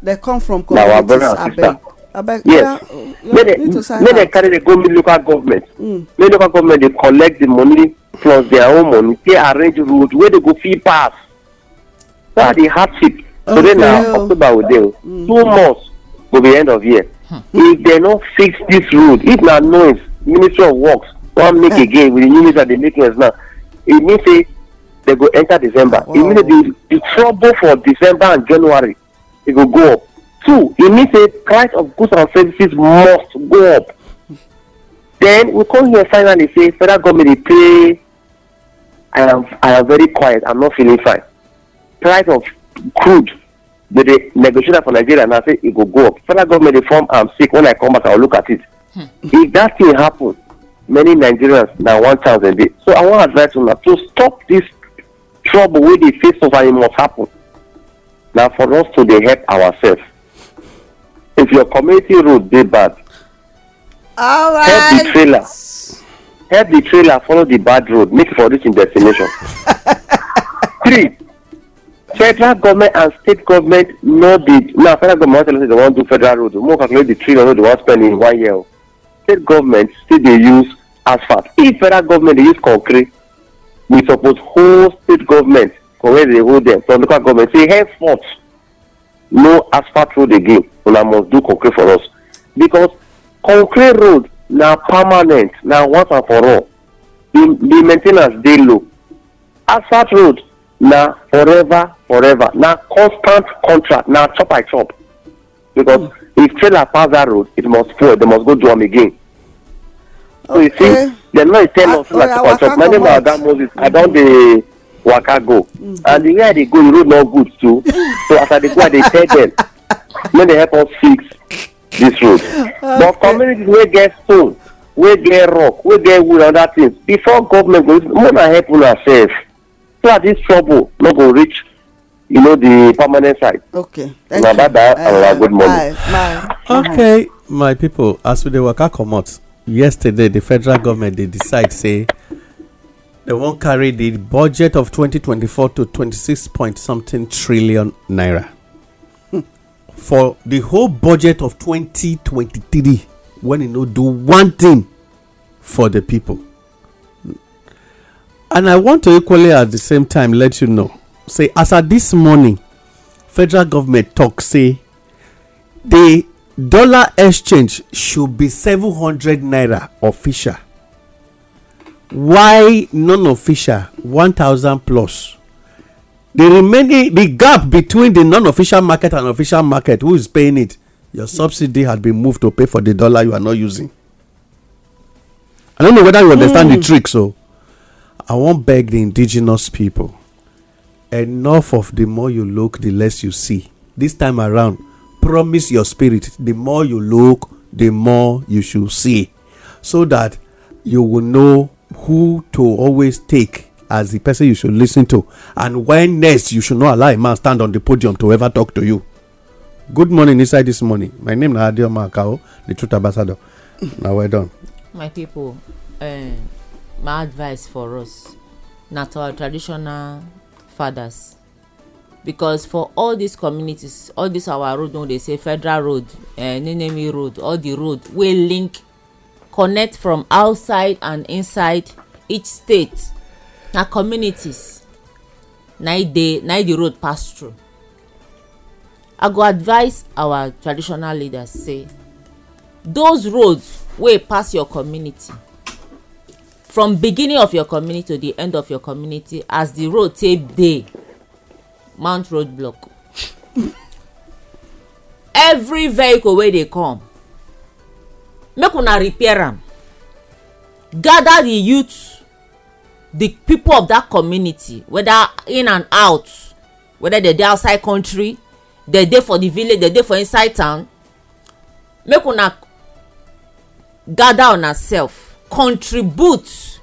dem come from communities abeg abeg yes make dem carry dem go meet local government mm. make local government dey collect the money plus their own money take arrange road wey dey go fit pass that dey hardship today na oh. october we dey mm. two months go be end of year hmm. if dem no fix dis road if na noise ministry of works wan make eh. again with the new minister dey make noise now e mean say dem go enter december e mean say the the trouble for december and january e go go up two e mean say price of goods and services must go up then we come here finally say federal government dey pay i am i am very quiet i am not feeling fine price of crude they dey negotiate for nigeria now say e go go up federal government dey form am sick when i come back i go look at it hmm. if that thing happen many nigerians na one thousand dey so i wan advise una to stop dis trouble wey dey face us and e must happen na for us to dey help ourselves if your community road dey bad right. help the trailer help the trailer follow the bad road make e for reach im destination *laughs* three federal government and state government no dey now. federal government wan tell us say dem wan do federal road mo calculate the trillion wey dem wan spend in one year o state government still dey use asphalt if federal government dey use concrete we suppose hold state government for where they hold them, from local government say henceforth no asphalt road again una must do concrete for us because concrete road na permanent na once and for all the the main ten ance dey low asphalt road na forever forever na constant contract na chop by chop because mm if trailer pass that road it must fuel they must go do am again so you see dem no dey tell ah, us like to on my name na oga moses i don dey waka go mm-hmm. and the way i dey go the road no good too *laughs* so as i dey go i dey tell dem make dem help us fix this road but communities wey get stone wey get rock wey get wood and other things before government go use more na help una sef so that this trouble no go reach you know the permanent side. Okay. Thank now, you. Bye uh, good morning. Bye. Bye. Okay, my people, as we dey waka comot yesterday, the federal government dey decide say they wan carry the budget of 2024 to 26 point something trillion naira hmm. for the whole budget of 2023 when you know do one thing for the people. And I want to equally at the same time let you know say as at this morning federal government tok say the dollar exchange should be seven hundred naira official while non official one thousand plus the remaining the gap between the non official market and official market who is paying it your subsidy had been moved to pay for the dollar you are not using i don't know whether you understand mm. the hmm. trick so i wan beg the indigenous people enough of the more you look, the less you see. This time around, promise your spirit the more you look, the more you should see, so that you will know who to always take as the person you should listen to, and when next you should not allow a man stand on the podium to ever talk to you. Good morning, inside this morning. My name is Adio Makao, the truth ambassador. now we're done. My people, uh, my advice for us, not our traditional fathers because for all these communities all this our road wey dey say federal road uh, nenemi road all the road wey link connect from outside and inside each state na communities na e dey na e the road pass through i go advise our traditional leaders say those roads wey pass your community from beginning of your community to the end of your community as the road take dey mount road block *laughs* every vehicle wey dey come make una repair am gather the youth the people of that community whether in and out whether they dey outside country they dey for the village they dey for inside town make una gather una self contribute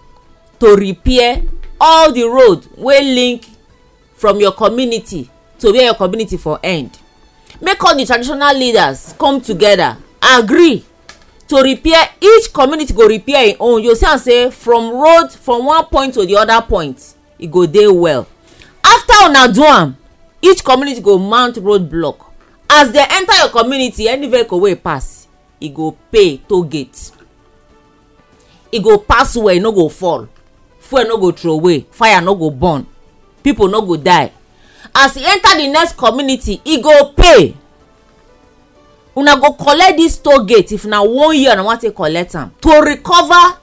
to repair all the road wey link from your community to where your community for end make all the traditional leaders come together agree to repair each community go repair im own you see am say from road from one point to the other point e go dey well after una do am each community go mount road block as dem enter your community any vehicle wey pass e go pay toll gate e go pass well e no go fall fuel no go throw away fire no go burn people no go die as e enter the next community e go pay una go collect this toll gate if na one year una wan take collect am to recover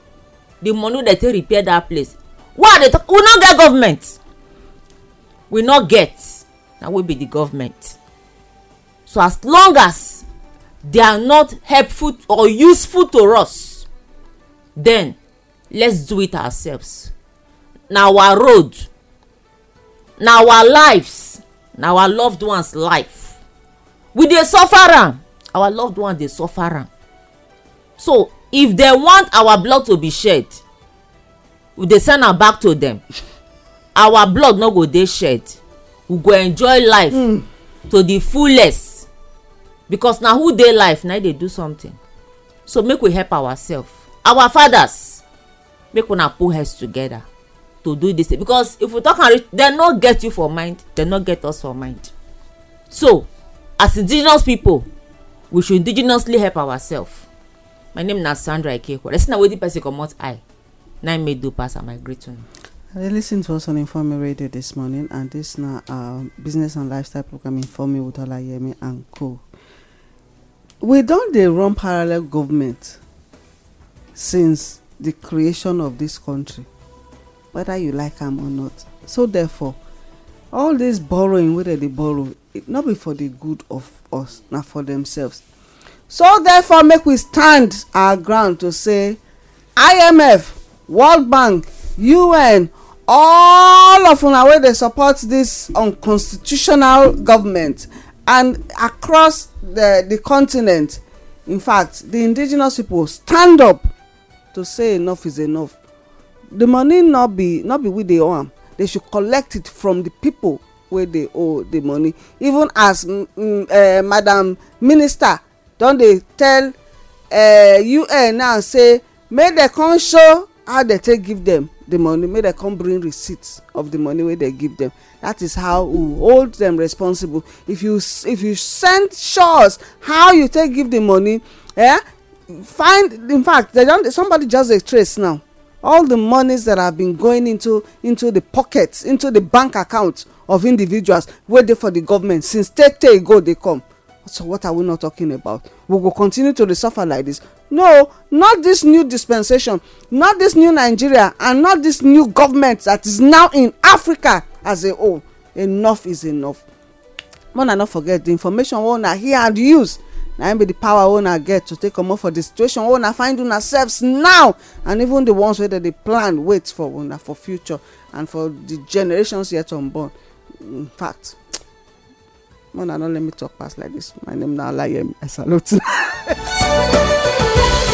the money dey take repair that place why i dey talk we no get government we no get na we be the government so as long as they are not helpful or useful to us then let's do it ourselves na our road na our lives na our loved ones life we dey suffer am our loved ones dey suffer am so if dem want our blood to be shed we dey send am back to dem *laughs* our blood no go dey shed we go enjoy life mm. to the fullest because na who dey life na dey do something so make we help ourselves our fathers make una put heads together to do this thing because if we talk and reach dem no get you for mind dem no get us for mind so as indigenous people we should indigenously help ourselves my name na sandra ikekwe the thing na wetin person comot eye na im make do pass am i greet una. i listened to us on informe radio this morning and this na our um, business and lifestyle program informe with olayemi and co. we don't dey run parallel government since the creation of this country whether you like am or not so therefore all this borrowing wey dem dey borrow it no be for the good of us na for themselves so therefore make we stand our ground to say imf world bank un all of una wey dey support this unconstitutional government and across the the continent in fact the indigenous people stand up to say enough is enough the money not be not be we dey owe am they should collect it from the people wey dey owe the money even as mm, uh, madam minister don dey tell uh, eh, un now say make dem come show how dem take give dem the money make dem come bring receipt of the money wey dem give dem that is how we hold dem responsible if you if you send show us how you take give the money eh find in fact somebody just a trace now all the monies that have been going into into the pockets into the bank accounts of individuals wey dey for the government since tey tey go dey come so what are we not talking about we go continue to dey suffer like this no not this new dispensation not this new nigeria and not this new government that is now in africa as a whole enough is enough make una no forget the information wey una hear and use na im be di power wey una get to take comot for the situation wey una find una selves now and even the ones wey dem dey plan wait for una for future and for the generations yet unborn in fact una no let me talk pass like this. my name na alayemi i salute. *laughs*